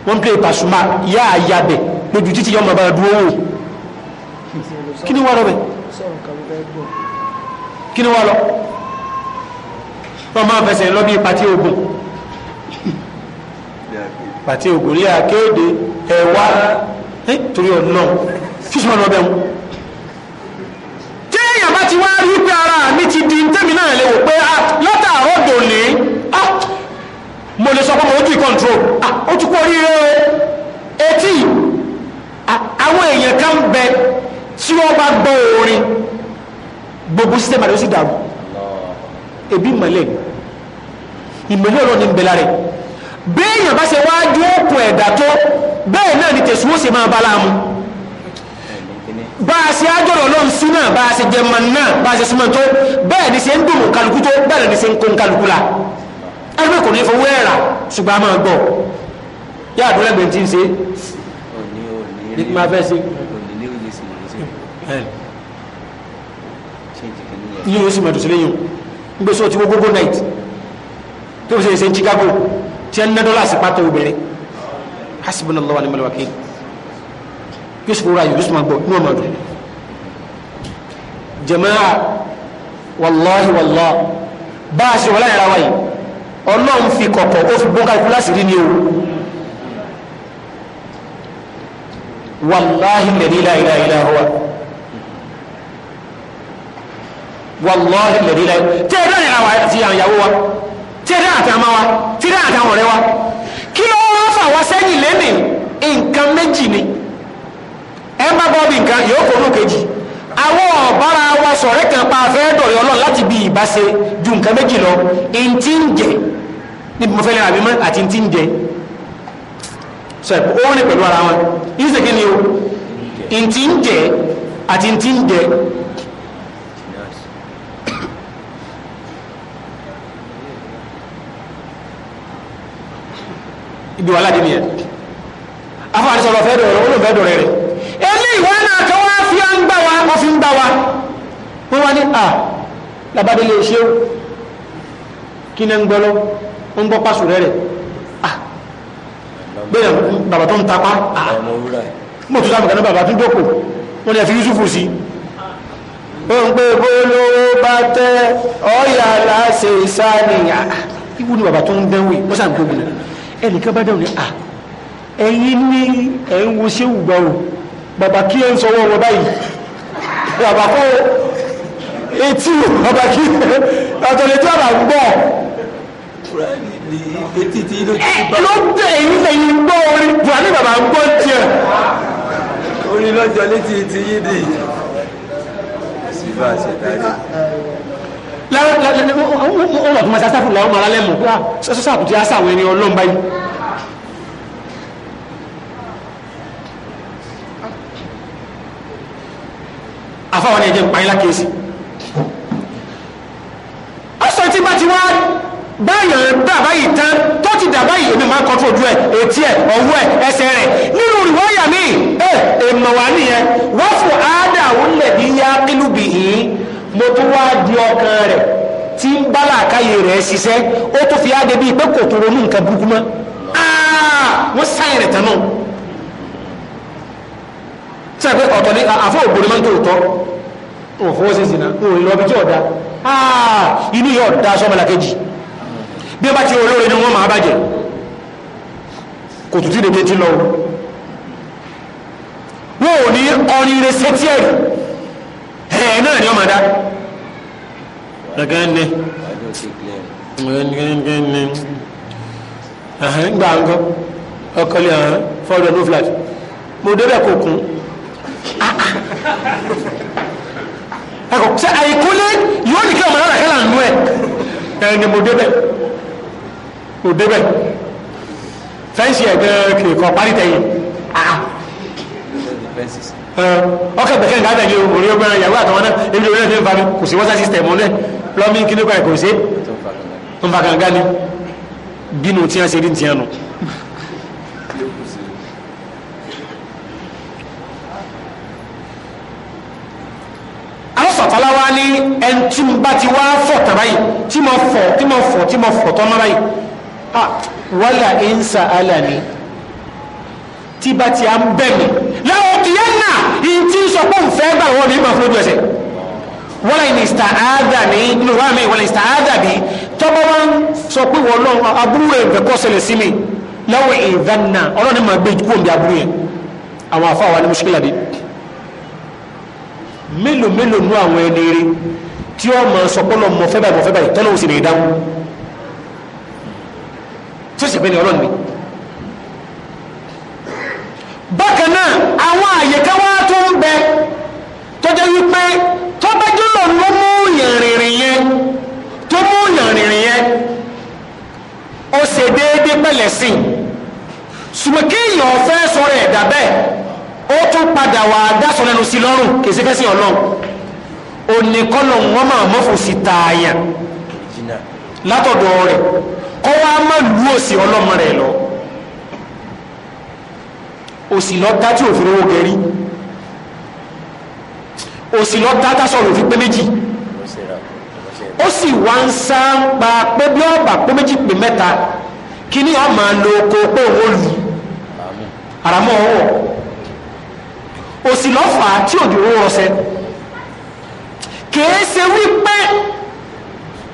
wọ́n pè pàṣùmá yá àyàbẹ̀ lójú títí yọ màbára dúró wò kí ni wà lọ bẹ̀ kí ni wà lọ wọ́n máa fẹsẹ̀ lọ bí pàtí ogun pàtí ogun rí àkéde ẹ̀wà torí ọ̀nà fíṣùmọ̀ lọ bẹ̀rún tí èèyàn bá ti wá rí pé ara mi ti di tẹ́mi náà lè wò pé ah, látàárọ̀ dòní mo lè sọ pé mo dì control ah, ó ti kú oríire o etí ah, àwọn èèyàn kan bẹ tí wọ́n bá gbọ́ orin gbogbo sísẹ́mà ló sì dàrú ebi mọ̀lẹ́ ìmọ̀lẹ́ ọ̀rọ̀ ní ìbẹ̀lá rẹ̀ béèyàn bá ṣe wájú òkun ẹ̀dá tó bẹ́ẹ̀ náà ni tẹ̀sùn ó ṣe máa bá láàmú bá a ṣe ájọ̀rọ̀ lọ́n sún náà bá a ṣe jẹman náà bá a ṣe súnmọ́ tó bẹ́ẹ̀ ni ṣe ń dùn kálukú tó bẹ́ẹ̀ ni ṣe ń kó kálukú la ẹgbẹ́ kò ní fowó ẹ̀rà ṣùgbọ́n a máa gbọ́ yá àdúrà gbẹ̀ tí ń ṣe ní máa fẹ́ ṣe. ní oṣù mẹ́tòsí lẹ́yìn ń gbé sọ́ọ́ tí wọ́n gbogbo night tó fi ṣe ṣe ń Chicago tí ẹ ń ná dọ́là sí pátó obìnrin hasbunallahu wa ni'mal wakil yóò sì fowó ra yóò sì máa gbọ́ ní ọmọ ọdún jama'a wallahi wallahi bá a ṣe wọlé ẹ̀rọ wáyé ọlọ́run fi kọ̀kọ̀ ó fi bọ́ká ikú láti rí ni o wàláhì lẹ́ni láìlá ilá wa wàláhì lẹ́ni láìlá tí ẹ̀dá ni àwọn àti àyàwó wa tí ẹ̀dá àti àmá wa tí ẹ̀dá àti àwọn ọ̀rẹ́ wa kí ló wá fà wá sẹ́yìn lẹ́nì nǹkan méjì ni ẹ má bọ́ bí nǹkan yóò kó nù kejì àwọn ọ̀bára sọ̀rẹ́ kan pa afẹ́ dọ̀rẹ́ ọlọ́run láti bí ìbáṣe ju nǹkan méjì lọ ntí ń jẹ níbi mo fẹ́ lẹ́nu àbímọ́ àti ntí ń jẹ sọ ó rìn pẹ̀lú ara wọn ìṣe kí ni o ntí ń jẹ àti ntí ń jẹ. ibi wàhálà dé nìyẹn afọ àti sọlọ fẹ́ dọ̀rẹ́ olóòfẹ́ dọ̀rẹ́ rẹ̀ eléyìí wọn náà kọ́ wá fi ń gbà wá wọ́n fi ń gbà wá wọ́n wá ní à labade lè ṣe kí ní ń gbọ́ lọ ń gbọ́ pàṣù rẹ̀ rẹ̀ bẹ́ẹ̀ bàbá tó ń tapá à mo tún sáàmù kaná bàbá tó dọ́kò wọ́n ni ẹ̀fí Yusufu sí ó ń pé bóló bá tẹ́ ọ̀yà láṣẹ ìsáníyàn ìwú ni bàbá tó ń dẹ́wì wọ́n sáà ń gbógun ẹnìkan bá dẹ́wì ní à ẹ̀yin ní ẹ̀ ń wo ṣéwù gbọ́ bàbá kí ẹ ń sọ wọ́n wọ báyìí bàbá kọ́ etí ọba kí àtọ̀lẹ̀ tí ọba ń gbọ́. etí tí ló ti bá. ló dé èyí lẹ́yìn gbọ́ orin buhari bàbá ń gbọ́ tiẹ̀. orin lọ́jọ́ létí ti yí di. síbá ṣe dáre. lára ó wà fún masáfù làwọn ọmọ alálẹ̀ mọ̀ sọ́sọ́ àkùtì àṣà àwọn ẹni ọlọ́mba yìí. afáwọn ẹni ẹjẹ ń pa yín lákèésí. ọ̀sán tí bá ti wá báyàn dàbá yìí tán tó ti dàbá yìí èmi máa ń kọ́tún ojú ẹ̀ etí ẹ̀ ọwọ́ ẹ̀ ẹsẹ̀ rẹ̀ nínú ìwọ́yà mi ẹ̀ èèmọ̀ wà nìyẹn wọ́n fún áádà òun lẹ̀bi yá kílù bì í mo tún wá di ọkàn rẹ̀ tí ń bá làákàyè rẹ̀ ṣiṣẹ́ ó tún fi áde bíi pé kò tó ronú nǹkan burúkú mọ́ wọ́n sáyẹn rẹ̀ tán náà pé ọ̀tọ̀ àfọ̀ máa ń tó Ah, inú yóò da sọ́mọ́lá kejì bí ó bá ti olóore ni wọ́n máa bàjẹ́ kò tún ti lè tẹ́tí lọ wọn ò ní ọrin rẹ sétí ẹ̀rì ẹ̀ náà ni ó máa dá gẹ́gẹ́ ní gẹ́gẹ́ ní gbà ńkọ ọkọlẹ̀ ọ̀hán fọ́ọ̀dọ̀ no flat mo débẹ̀ kò kún ẹkọ ṣe àìkúlé yóò ní kí ọmọ náà kẹlà ń nú ẹ ẹni mo débẹ̀ mo débẹ̀ fẹǹsì ẹgbẹ kìkọ parí tẹyìn ah, ah. ọkẹ gbẹkẹ nǹkan àtẹyìn orí ọgbẹ yàwó àtọwọn náà ebi lórí ẹgbẹ nfani kò sí wọsá sísítẹmù náà lọmí kíndùkọ ẹ kò sí nfàkàngá ni bínú tí wọn ṣe rí tiẹn nù. ta'ala wá ní ẹni tí mo bá ti wá fọ̀ tàbá yìí tí mo fọ̀ tí mo fọ̀ tí mo fọ̀ tọ́ mọ́ra yìí ah wàlà ẹ̀ńsà alani tí bá ti à ń bẹ̀ mí láwọn kì í yẹn náà yìí tí sọ pé òun fẹ́ gbà wọ́n mi máa fún ojú ẹsẹ̀ wọ́lá ìní ìsìtàádà ní inú rárá mi wọ́lá ìsìtàádà bí tọ́gbọ́ wá ń sọ pé wọ́n lọ́wọ́ aburú rẹ̀ fẹ́ kọ́ ṣẹlẹ̀ sí mi lọ́wọ́ ìdánná ọlọ́ni máa gbé kúrò ní aburú yẹn àwọn afọ àwọn ni mo ṣe kí mélòó mélòó nú àwọn ẹni rí tí ó máa sọ pé lọ́mọ fẹ́ báyìí mọ fẹ́ báyìí tọ́lọ́wọ́ sì lè dáhùn tí ó sì bẹ́ni ọlọ́ni bákan náà àwọn àyè kan wá tó ń bẹ tó jẹ́ wípé tó bá jùlọ ló mú ìrìnrìn yẹn tó mú ìrìnrìn yẹn ó ṣe déédéé pẹ̀lẹ̀ sí ó tún padà wà á dásọ lẹ́nu sí lọ́rùn kèsì fẹ́sìn ọlọ́run òní kọ́nà wọn máa mọ́fò sí tààyà látọ̀dọ̀ rẹ̀ kọ́ wa má lu òsì ọlọ́mọ rẹ̀ lọ òsì lọ dá tí òfin owó gẹ̀rí òsì lọ dá tásọ̀rọ̀ òfin pé méjì ó sì wá ń sá ń pa pé bí ọ̀bà pé méjì pé mẹ́ta kí ni ọ̀ máa lo oko pé òun ó lu àràmọ́ ọ̀wọ́ òsì lọ́fà tí òdì owó ọ̀sẹ̀ kìí ṣe wípé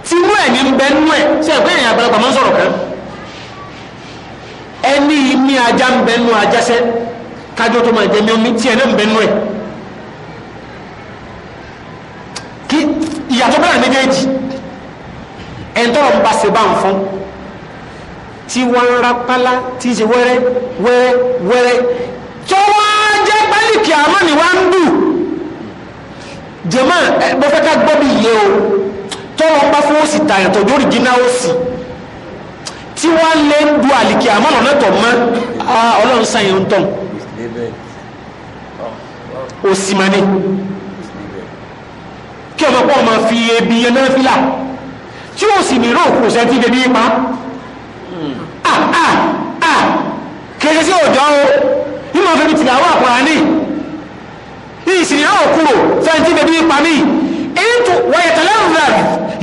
tinú ẹ̀ ní bẹ́ nú ẹ̀ ṣe ẹ̀gbẹ́ ìrìn àgbàlagbà máa ń sọ̀rọ̀ kan ẹni ní ajá ń bẹ́ nú ajáṣẹ́ kájọ tó máa jẹ ní omi tí ẹ̀ náà ń bẹ́ nú ẹ̀ kí ìyàtọ̀ bẹ́ẹ̀ méjèèjì ẹ̀ńtọ́rọ̀ ń bá ṣe bá ń fún tí wọ́n ń rapálá tí ń ṣe wẹ́rẹ́ wẹ́rẹ́ wẹ́rẹ́ tí ó tálíkì àmọ́ ni wá ń dù jẹ̀mọ́ mo fẹ́ ká gbọ́ bí o tọ́wọ́ bá fún òsì tààyàn tó dórí jìnnà òsì tí wọ́n lé ń du àlìkì àmọ́ lọ́nà tó mọ́ ọlọ́run sáyẹn ń tán òsì mà ní kí ọmọ pọ́ ọmọ fi ebi yẹn náà fílà tí ó sì ní róòkù sẹ́ńtì débi pa hmm. ah, ah, ah. kèrè sí òjò o tí mo fi bi tìlà wà kùránì ìsìn yà ó kúrò fẹ́ntì bẹ̀bí ipa mi èyí tó wọ̀nyẹ̀ tẹ̀lé ńlá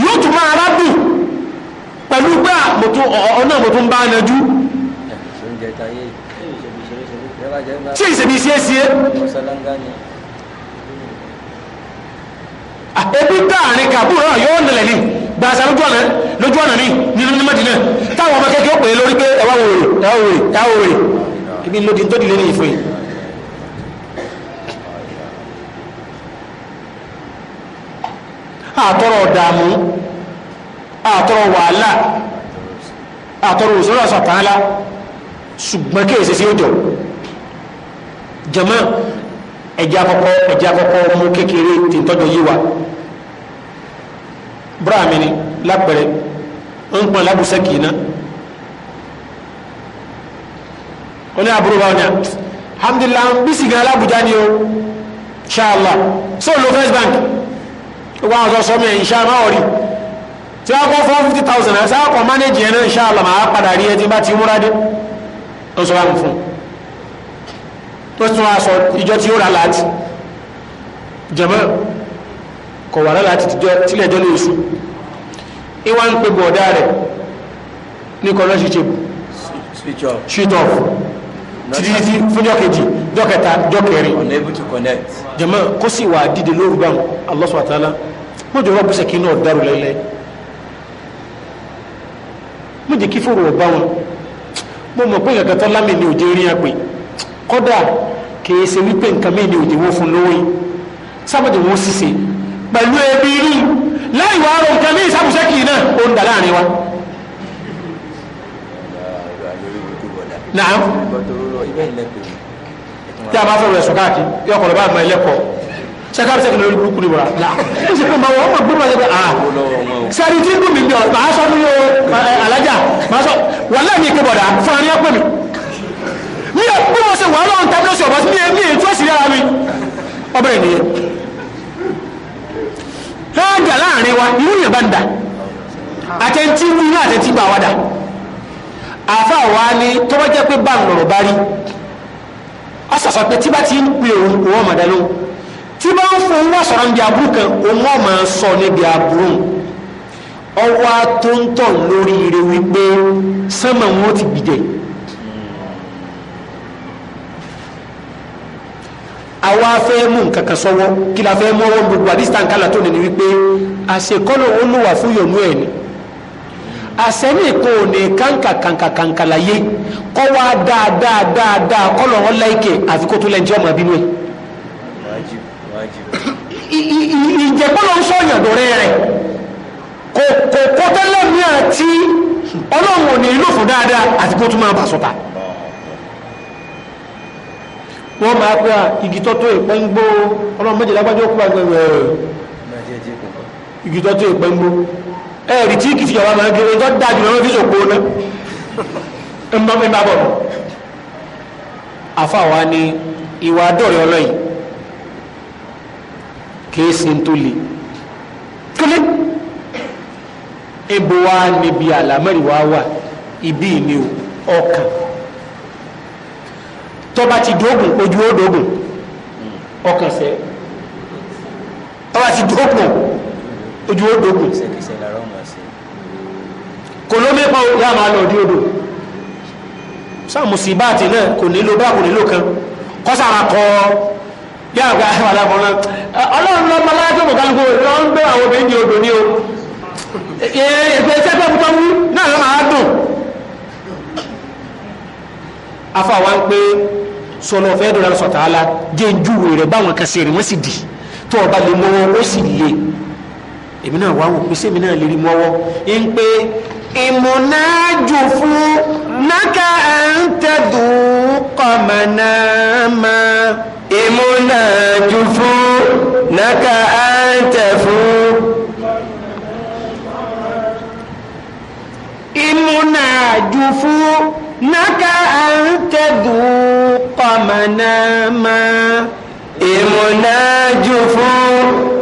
yóò tún máa rábù pẹ̀lú gbà ọ̀nà mo tún bá yanjú. tí ìsèbí ṣe é ṣe é ebi dáàrin kàbúrò náà yóò nílẹ̀ ni gbàṣà lójú ọ̀nà lójú ọ̀nà ni nínú ní Mẹ́dínà táwọn ọmọ kékeré pè é lórí pé ẹ̀wá wòrè ẹ̀wá wòrè ẹ̀wá wòrè ibi ló di tó dìlé ní ìfún yìí àtọrọ ọ̀dààmú àtọrọ wàhálà àtọrọ òṣèrè àṣàtàlá ṣùgbọ́n kí èsì sí òjò jama ẹja àkọ́kọ́ ẹja àkọ́kọ́ mú kékeré tí tọ́jọ yíwa búrọ̀ àmì ń pọn lábùsẹ́kì náà ó ní àbúrò bá ọ̀nà alhamdulillah bí sì gan ni o inshallah. so lo first bank wọ́n àwọn sọ́sọ́ mi ẹ̀yìn ṣáà máa ọ̀rí tí wọ́n kọ́ four fifty thousand àti àwọn kan manage yẹn náà ṣáàlá máa padà rí ẹtí bá ti múra dé ó sọ wọn fún un ó tún wá sọ ìjọ tí ó rà láti jẹ̀mọ́ kọ̀ wà láti tilẹ̀ jọ́ lóṣù ìwà ń pe bọ̀ọ̀dá rẹ̀ ní kọ́lọ́ṣì ṣe switch off títí fúnjọ́ kejì jọ́kẹta jọ́kẹrin jẹ́mọ́ kó sì wà dìde lórúbá Allah subhanahu wa ta'ala mọ́jọ́ rọ́bù sẹ́kì náà dárò lẹ́lẹ́ mọ́jẹ́ kí fòrò ọba wọn mo mọ̀ pé ìyàgà tó lámì ní òjò rí àpè kọ́dà kìí ṣe wípé nǹkan mí ní òjò wọ́n fún lówó yìí sábàjẹ́ wọ́n ṣiṣẹ́ pẹ̀lú ẹbí rí láì wá rọ nǹkan ní ìsàbùsẹ́kì náà ó ń dà láàrin wa. naam tí a bá fẹ́ rẹ̀ sọ káàkiri yọ kọ̀ọ̀lọ́ bá a ma ẹlẹ́kọ̀ọ́ sẹ́kàbí sẹ́kàbí lórí burúkú ni wọ́n la ó sì fún ma wọ́n ma gbọ́dọ̀ ṣe pé a sẹ́ni tí gbùmí bí a màá sọ fún yóò alájà màá sọ wàhálà mi kébọ̀ dà fún àní ẹ̀pẹ́ mi mi ò bí mo ṣe wàhálà ọ̀hún tábìlì ọ̀sẹ̀ ọ̀bá mi èmi ètò ìṣẹ̀lẹ̀ ara àfa wa ni tọ́wọ́ jẹ́ pé báà lọ̀rọ̀ bá rí ọ̀sọ̀sọ̀ pé tí bá ti ń pè òun òun ọ̀mọ̀dá ló tí bá ń fún wọ́n sọ̀rọ̀ níbi aburú kan òun ọ̀mọ̀ sọ níbi aburú ọwọ́ tó ń tọ̀ lórí ire wípé sánmà wọn ti gbìdẹ̀ àwa fẹ́ mú nǹkan kan sọ́wọ́ kí la fẹ́ mú gbogbo àdìsítàǹkálà tó nìyí wípé àṣekọ́lọ̀ olùwà fún yọ̀nú ẹ̀ ni àsẹ́ni ìpò òní kanka, kanka la láyé kọ́ wá dáadáa dáadáa kọ́lọ̀ wọn láìkè àfi kó tó lẹ́jọ́ ọmọ bínú ẹ̀. ìjẹ́pọ̀lọ́ ń sọ ìyàdọ̀ rẹ̀ rẹ̀ kò kò tẹ́lẹ̀ mìíràn tí ọlọ́run òní ìlú fún dáadáa àti kó tó máa bà sọ́ta. wọ́n máa pẹ́ à igi tọ́tọ́ ìpẹ́ ń gbó ọlọ́run méjìlá gbájú ó kú àgbẹ̀ igi tọ́tọ́ ìpẹ́ ń gbó ẹ̀rì tí kìí fi ọwọ́ máa gbé ọjọ́ dájú náà fi sòpó ná ń bá mi bá bọ̀ àfa wa ni ìwà àdọ̀rẹ́ ọlọ́yìn kìí ṣe ń tó le kílí ebo wa níbi àlámẹ́rì wa wà ibi ìní ọkàn tọ́ba ti dógùn ojú ó dógùn ọkàn sẹ́ tọ́ba ti dógùn ojú ó dógùn kò ló mẹ́pọ̀ yá máa lọ di odò sáàmùsì báàtì náà kò nílò bá kò nílò kan kọ́sára kọ yá àgbà àlàbọ̀ náà ọlọ́run lọ́mọ aláàjọ mọ̀kálùkù ló ń gbé àwọn obìnrin di odò ní o ẹgbẹ́ sẹ́gbẹ́ púpọ̀ wú náà lọ́mọ àádùn afa wa ń pé sọlọ fẹ́ dọ̀rọ̀ sọ̀tà ala jẹ́ ìjúwe rẹ̀ báwọn kan ṣe rẹ̀ wọ́n sì dì tó ọba lè mọ́wọ́ ó sì lè èmi náà wá wò pé sẹ́mi náà lè rí mọ́wọ́ ń pé إمناجف لك أن تذوق مناما إمناجف لك أن تفوق إمناجف لك أن تذوق مناما إمناجف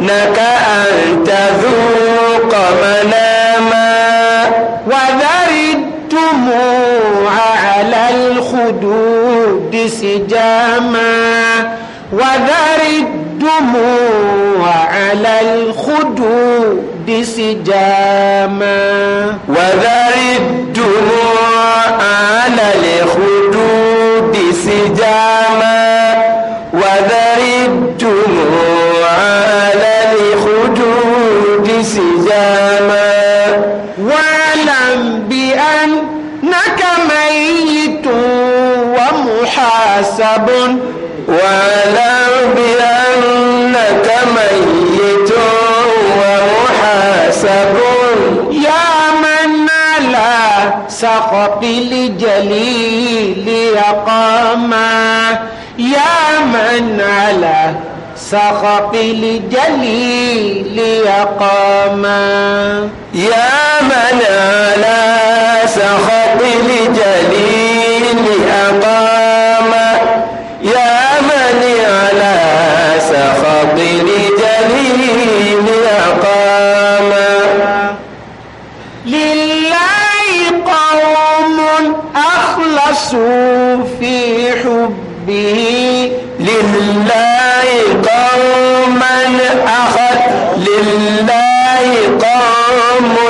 لك أن تذوق مناما سجاما وذر الدموع على الخدود سجاما وذر الدموع حسب واعلم بأنك ميت ومحاسب يا من على سقط الجليل يقام يا من على سخط الجليل يقاما يا من على سخط الجليل أقام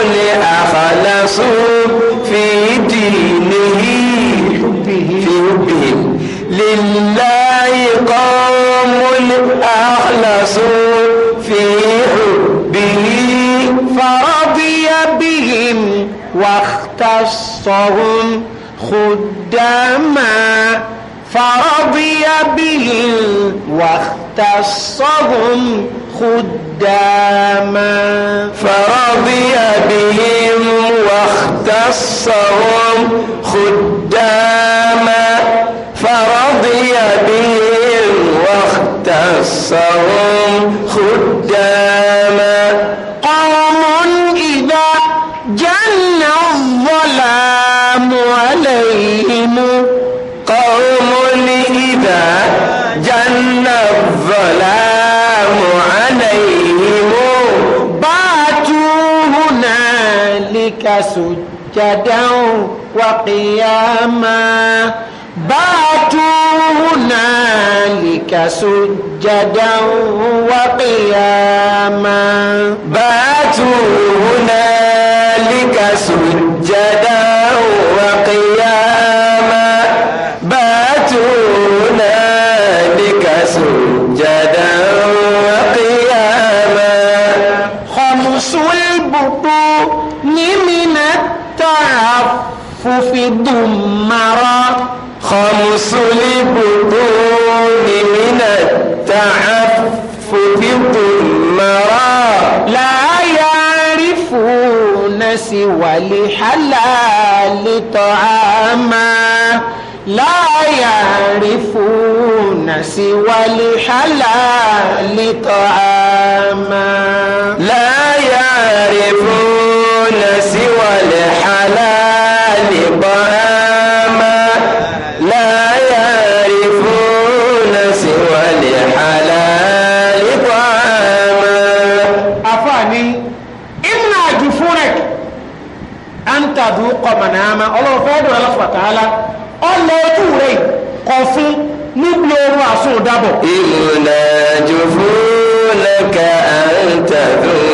الرسل أخلصوا في دينه في حبهم لله قوم أخلصوا في حبه فرضي بهم واختصهم خدما فرضي بهم واختصهم خداما فرضي بهم واختصهم خداما فرضي بهم واختصهم خداما سجدا وقياما باتوا هنالك سجدا وقياما باتوا هنالك ولحلال طعاما لا يعرفون سوى الحلال طعاما ta'ala ọlọ ojú rẹ̀ kọ̀ fún níbi oorun àsùn ìdábọ̀. ìmùnà jòfó lẹ́ka àǹtàdùn.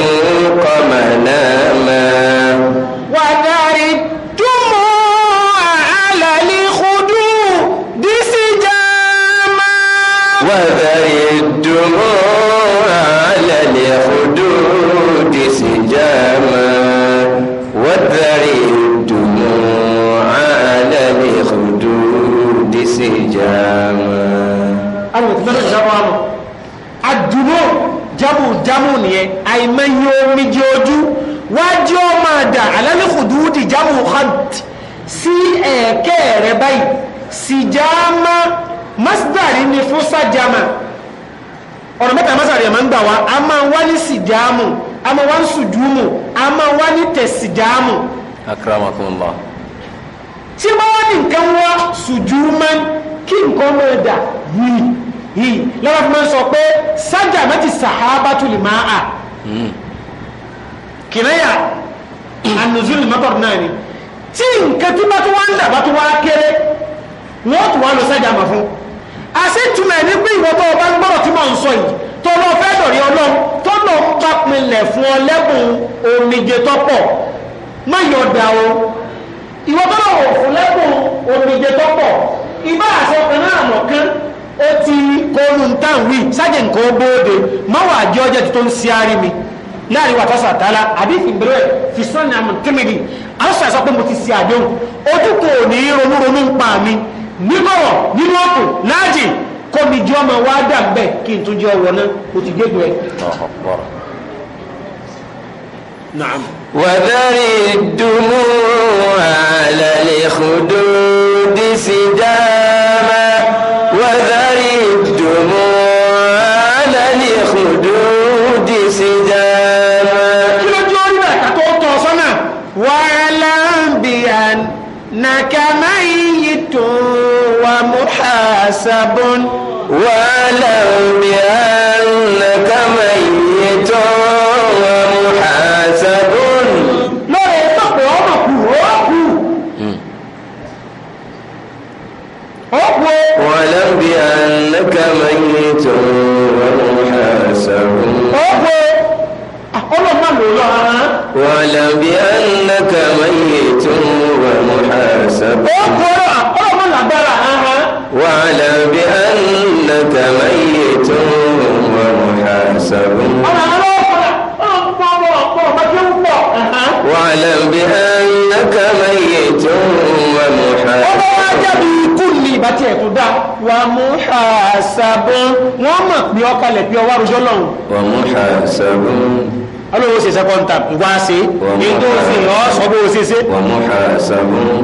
jẹ́ ọwọ́ náà kò ti gégùn ẹ̀. wàdárì dùnmù àlàlẹ̀ kòdó dísì dáàmà wàdárì dùnmù àlàlẹ̀ kòdó dísì dáàmà. kí ló jẹ́ orí bàtà tó tọ̀ sọ́nà wàhálà ń bìyà nàkàmáyé tó wà mú àṣàbọ̀n. واعلم بأنك ميت ومحاسب lórí ìtọ́pọ̀ ọmọ kù ó kù ó kù. واعلم بأنك ميت ومحاسب. ó kù ọlọ́mọ ló lọ ara. واعلم بأنك ميت ومحاسب. ó kù ọlọ́mọ. واعلم بأنك ميت ومحاسب واعلم بأنك ميت ومحاسب ìbá tí ẹ̀ tó dá wà mú ṣàṣàbọ̀ wọ́n mọ̀ pé ọkà lẹ̀ pé ọwá rojọ́ lọ́hùn. wà mú ṣàṣàbọ̀. olówó ṣe sẹ́kọ̀ǹtà wá sí ní tó fi ọ́ sọ ṣe ṣe. wà mú ṣàṣàbọ̀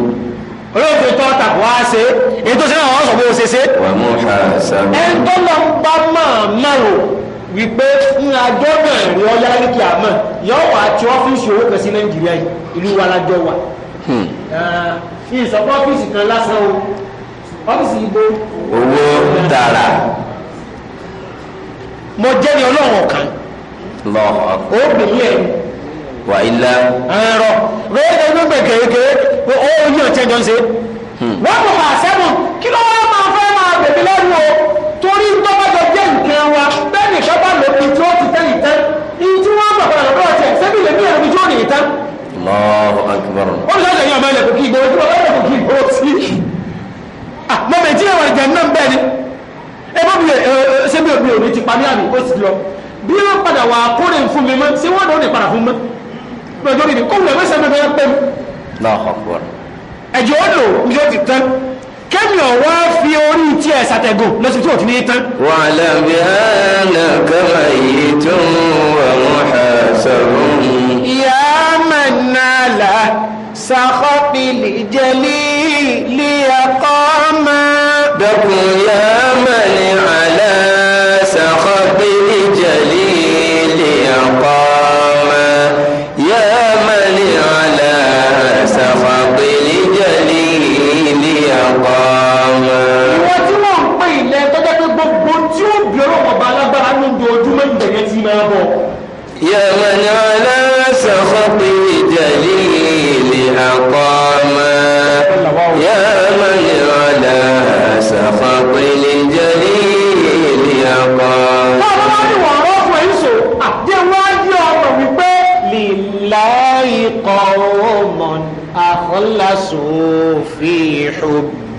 olóògùn tó tàbí wá ṣe èyí tó ṣe náà wọ́n sọ bó ṣe ṣe. ẹn tó lọ ń bá máa márò wípé ń àjọ náà rí ọ yára ní kìámọ̀ yọ wà á ti ọ́fíìsì owó kan sí nàìjíríà yìí ìlú wa lájọ wa. Hmm. Eh, ìsọ̀kọ́ ọ́fíìsì kan lásán o ọ́fíìsì ibo. owó tààrà. mo jẹ́ ni ọlọ́run kan. lọ́ọ̀. ó bèyí ẹ̀ wà á ilá. ẹ̀rọ rẹ̀ ẹ̀ gbẹ̀gbẹ̀ kékeré ó yí ọ̀tí ẹjọ́ ń ṣe. Hmm. wọ́n mú àṣẹ́gun kí ló wá máa fẹ́ máa bèbí lẹ́nu o torí ń tọ́gbọ́jọ jẹ́ nǹkan wa bẹ́ẹ̀ ni ìṣọ́gbà lòdì tí ó ti tẹ́ ìtẹ́ ìyí tí wọ́n bàbá rẹ̀ lọ́wọ́ tiẹ̀ lè ní ẹ̀rọ tí ní ìtẹ́. Allahu akbar. ti pa wọ́n padà wà kórè fún mi mọ́ ṣé lọ́jọ́ ìdí kó wùlẹ̀ mẹ́sàn-án mẹ́ta yá pẹ́m. ẹ̀jọ̀ ó lò ní ó ti tán kẹ́mi ọ̀wá fi orí tí ẹ̀ ṣàtẹ̀gùn lọ sí tí ò ti ní tán. wà á lẹ́bi ẹ̀ẹ́nà kama yìí tó ń wọ̀n ẹ̀ sọ̀rọ̀. ìyá mẹ́nàlá sàkọ́pìlì jẹ́lí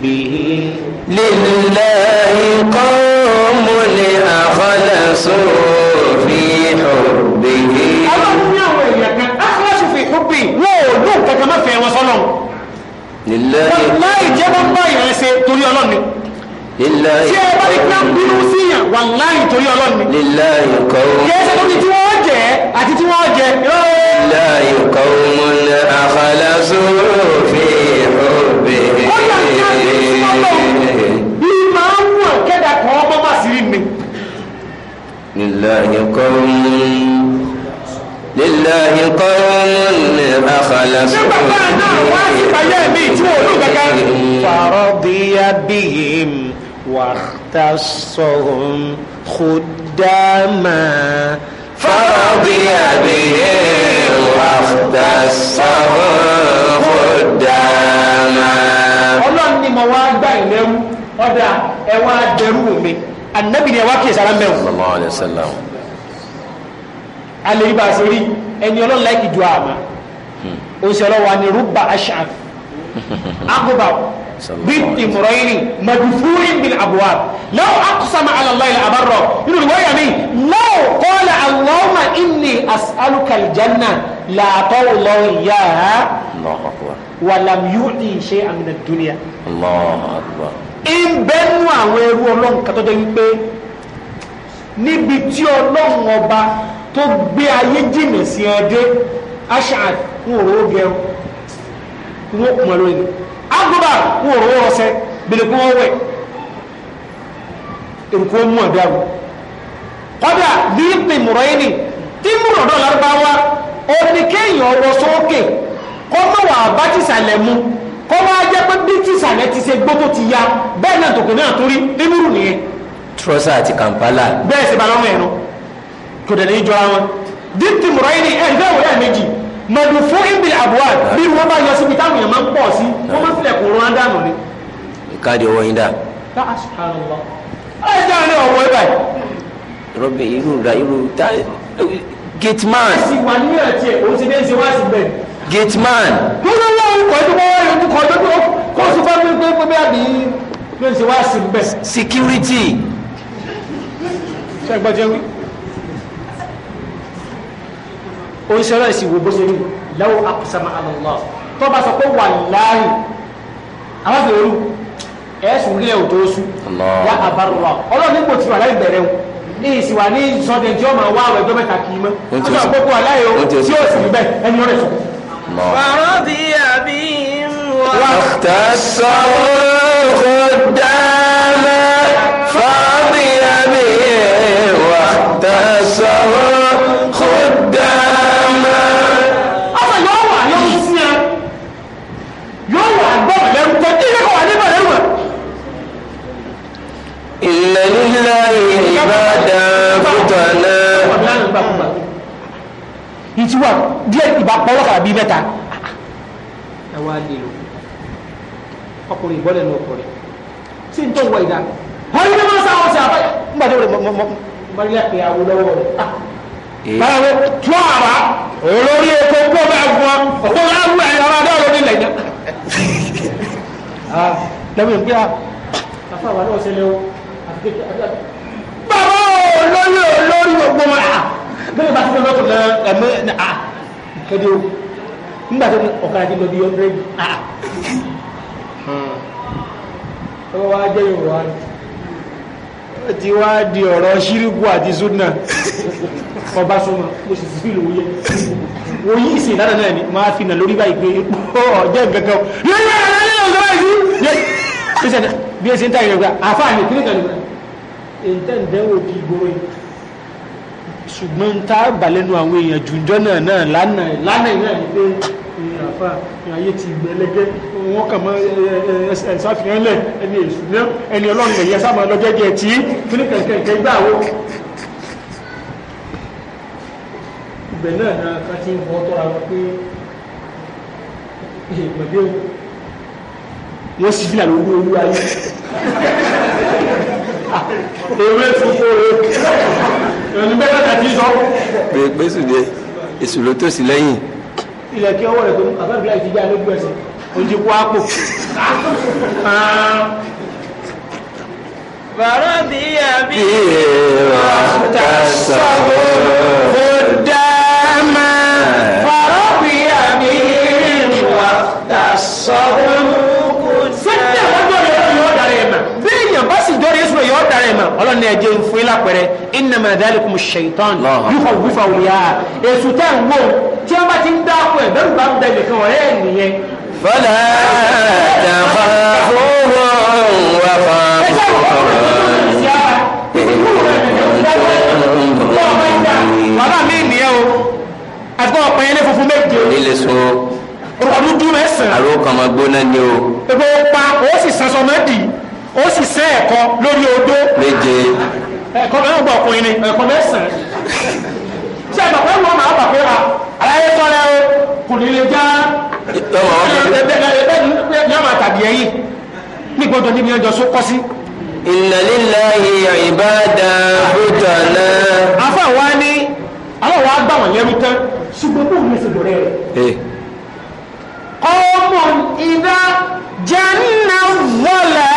بحبه لله قوم أخلصوا في حبه أخلصوا في حبه واو لو كما في وصلوا لله والله جاب الله لله سي بالك نام بينو سيا والله لله قوم يا سيدي تي وان جه ati لله قوم أخلصوا في حبه ọlọ́run bí máa ń wọ̀ kẹ́dà kan ọmọ má sí rí mi. lílàhí kọ́rin lílàhí ọ̀dà ẹ̀wọ̀n adẹ̀rù mi ànábì ni ẹ̀wà kìí sára mẹ́wọ̀n. sallallahu alaihi wasallam. alẹ́ ibà sí rí ẹni ọlọ́run láìkì ju àmà oṣù hmm. ọlọ́wà ni rúbà aṣáà agbóbá bíi ìmọ̀rọ̀yìn madufúrin bil abwab law aqsama ala Allahi la abarra inú ìwọ́yà mi law qala Allahumma inni as'aluka làtọ́ lọ́wọ́ ìyá wa lam yu'ti shay'an min ìbẹ́nu àwọn ẹrú ọlọ́run kan jẹ́ wípé níbi tí ọlọ́run ọba tó gbé ayé jìnà sí ẹdẹ aṣáà ń òró gẹun ń ó kùmọ̀ lónìí agbóbá ń òró ọsẹ bìlìkú ọwẹ́ èrùkú mú ọ̀dá kọ́dà mùrọ̀ yìí ni tí mùrọ̀ náà lárúbáwá ọwọ́ sókè kọ́mọ̀wà bá kọ́ wá jẹ́ pé bí tìsàlẹ̀ ti ṣe gbó tó ti ya bẹ́ẹ̀ náà tòkè náà torí nímúrù nìyẹn. trọ́sà àti kàmpálà. bẹ́ẹ̀ sì balọ̀ wọn ẹ̀nu kò dẹ̀ ní jọra wọn. díptì mùrọ̀ yìí ni ẹ̀ ǹdẹ́ òwúrọ̀ méjì mọ̀dù fún ibi àbúwá bí wọ́n bá yọ síbi táwọn èèyàn máa ń pọ̀ sí wọ́n máa ń filẹ̀ kùn rán dànù ni. ìkáàdì owó yín dà. ṣáà ṣ gate man. kí ló wá orúkọ ẹni wọ́n wá kó o sì fọ́ mi pé pé àbí ló ṣe wá sí bẹ́ẹ̀. security. ṣé ẹgbọ́n jẹ́ wí. oníṣẹ́ ọlọ́run sì wo bó ṣe rí lẹ́wọ̀ àkùsàmà àlọ́lá tó bá sọ pé wà láàyè àwọn àti olú ẹ̀sùn rí ẹ̀ ò tó sùn wá àbárò wa ọlọ́run nígbò tí wà láì bẹ̀rẹ̀ wọn ní ìsìwà ní sọdẹjọ́ máa wá àwọn ẹjọ́ mẹ́ta kì í mọ́ ọjọ́ àpòpọ̀ aláyọ̀ tí ó sì rí bẹ́ẹ̀ ẹni ọ̀rẹ́ sọ. الله فرضي بهم واختصر خدامه tí wà díẹ̀ ìbá pọ́wọ́ kàrà bíi mẹ́ta. àwa lè lò ọkùnrin ìbọ́lẹ̀ ní ọkùnrin tí n tó wọ ìdá wọ́n yí wọ́n sá wọn sí àbá nígbà tó rẹ̀ mọ́rílẹ̀ pé àwọn lọ́wọ́ rẹ̀. Ah. báwo tó àbá olórí epo kó bá fún ọ láwùú ẹ̀ ọ̀rọ̀ adé ọ̀rọ̀ nílẹ̀ yẹn. Ah. lẹ́mi ìgbé a bàbá olórí olórí gbogbo máa bẹ́ẹ̀ bá ti fẹ́ lọ́tọ̀ náà ẹ̀mí à kéde o nígbà tó ní ọ̀kadà ti lọ bí ọ̀dẹ́rẹ́ yìí à. ọwọ́ wa jẹ́ yorùbá ti wá di ọ̀rọ̀ ṣíríkù àti sunna ọba súnmọ́ mo sì sí ìlú wòye wòye ìsìn ìlànà náà ni máa fi nà lórí báyìí pé ọ̀jẹ́ gẹ́gẹ́ yẹ́yẹ́ ẹ̀rẹ́ ọ̀gá báyìí bí ẹ ṣe ń tàyẹ̀ gbà àfáà ní kíníkà nígbà èyí tẹ̀ ń dẹ́wò kí gbòòrò yìí ṣùgbọ́n ń tá balẹ̀nu àwọn èèyàn jùjọ́ náà náà lánàá lánàá ìyá ni pé àfa ayé ti gbẹlẹgẹ wọn kà mọ ẹsàfihàn lẹ ẹni èṣù náà ẹni ọlọ́run ẹ̀yẹ sábà lọ́jọ́jẹ́ tí kíní kẹ̀kẹ́ gbà wó. ibẹ̀ náà na ká ti ń fọ́ tọ́ra wọn pé ìgbàgbé o yóò sì fìlà lórí olú ayé ah, ewé fúnfún o onígbẹ́sẹ̀ tàbí sọ. pé pésù dé èsù ló tòsí lẹ́yìn. ilẹ̀ kí ọwọ́ rẹ̀ tó àbábílá ti gbé alógún ẹsẹ̀ ojú kó àpò. bàrọ̀ bí àbí ìrọ̀ kà sọ̀rọ̀ kó dá máa. Ah. bàrọ̀ bí àbí ìrọ̀ kà sọ̀rọ̀. ọlọ́ni ẹ̀jẹ̀ ń fún yín lápẹ̀rẹ̀ innama dhalikum shaitan yíkọ̀ wífà wíyá èsù tẹ́ ń wò tí wọ́n bá ti ń dákun ẹ̀ bẹ́ẹ̀ bá ń bẹ nìkan ọ̀rẹ́ ẹ̀ nìyẹn. fọlá dàgbà fowó wà fà bàbá mi nìyẹn o àti kọ́ ọ̀pẹ̀yẹ ní funfun méje. onílé so orúkọ dúdú mẹ́sàn-án. àrò kan máa gbóná ni o. epo pa o sì sàn sọ di ó sì sẹ́ ẹ̀kọ́ lórí odó méje ẹ̀kọ́ mẹ́rin gbọ́ ọkùnrin ni ẹ̀kọ́ mẹ́sàn-án ṣé ẹ̀kọ́ pé wọ́n máa bà pé wa aláyé tọ́lẹ̀ o kò ní lè já yóò máa tàbí ẹ̀yìn nígbọ́dọ̀ níbi ẹjọ́ só kọ́ sí. afa wa ni àwọn wa gbà wọ́n lẹ́rú tán ṣùgbọ́n kò ní ṣe lórí rẹ̀. ọmọ ìdá jẹ́ nà wọ́lẹ̀.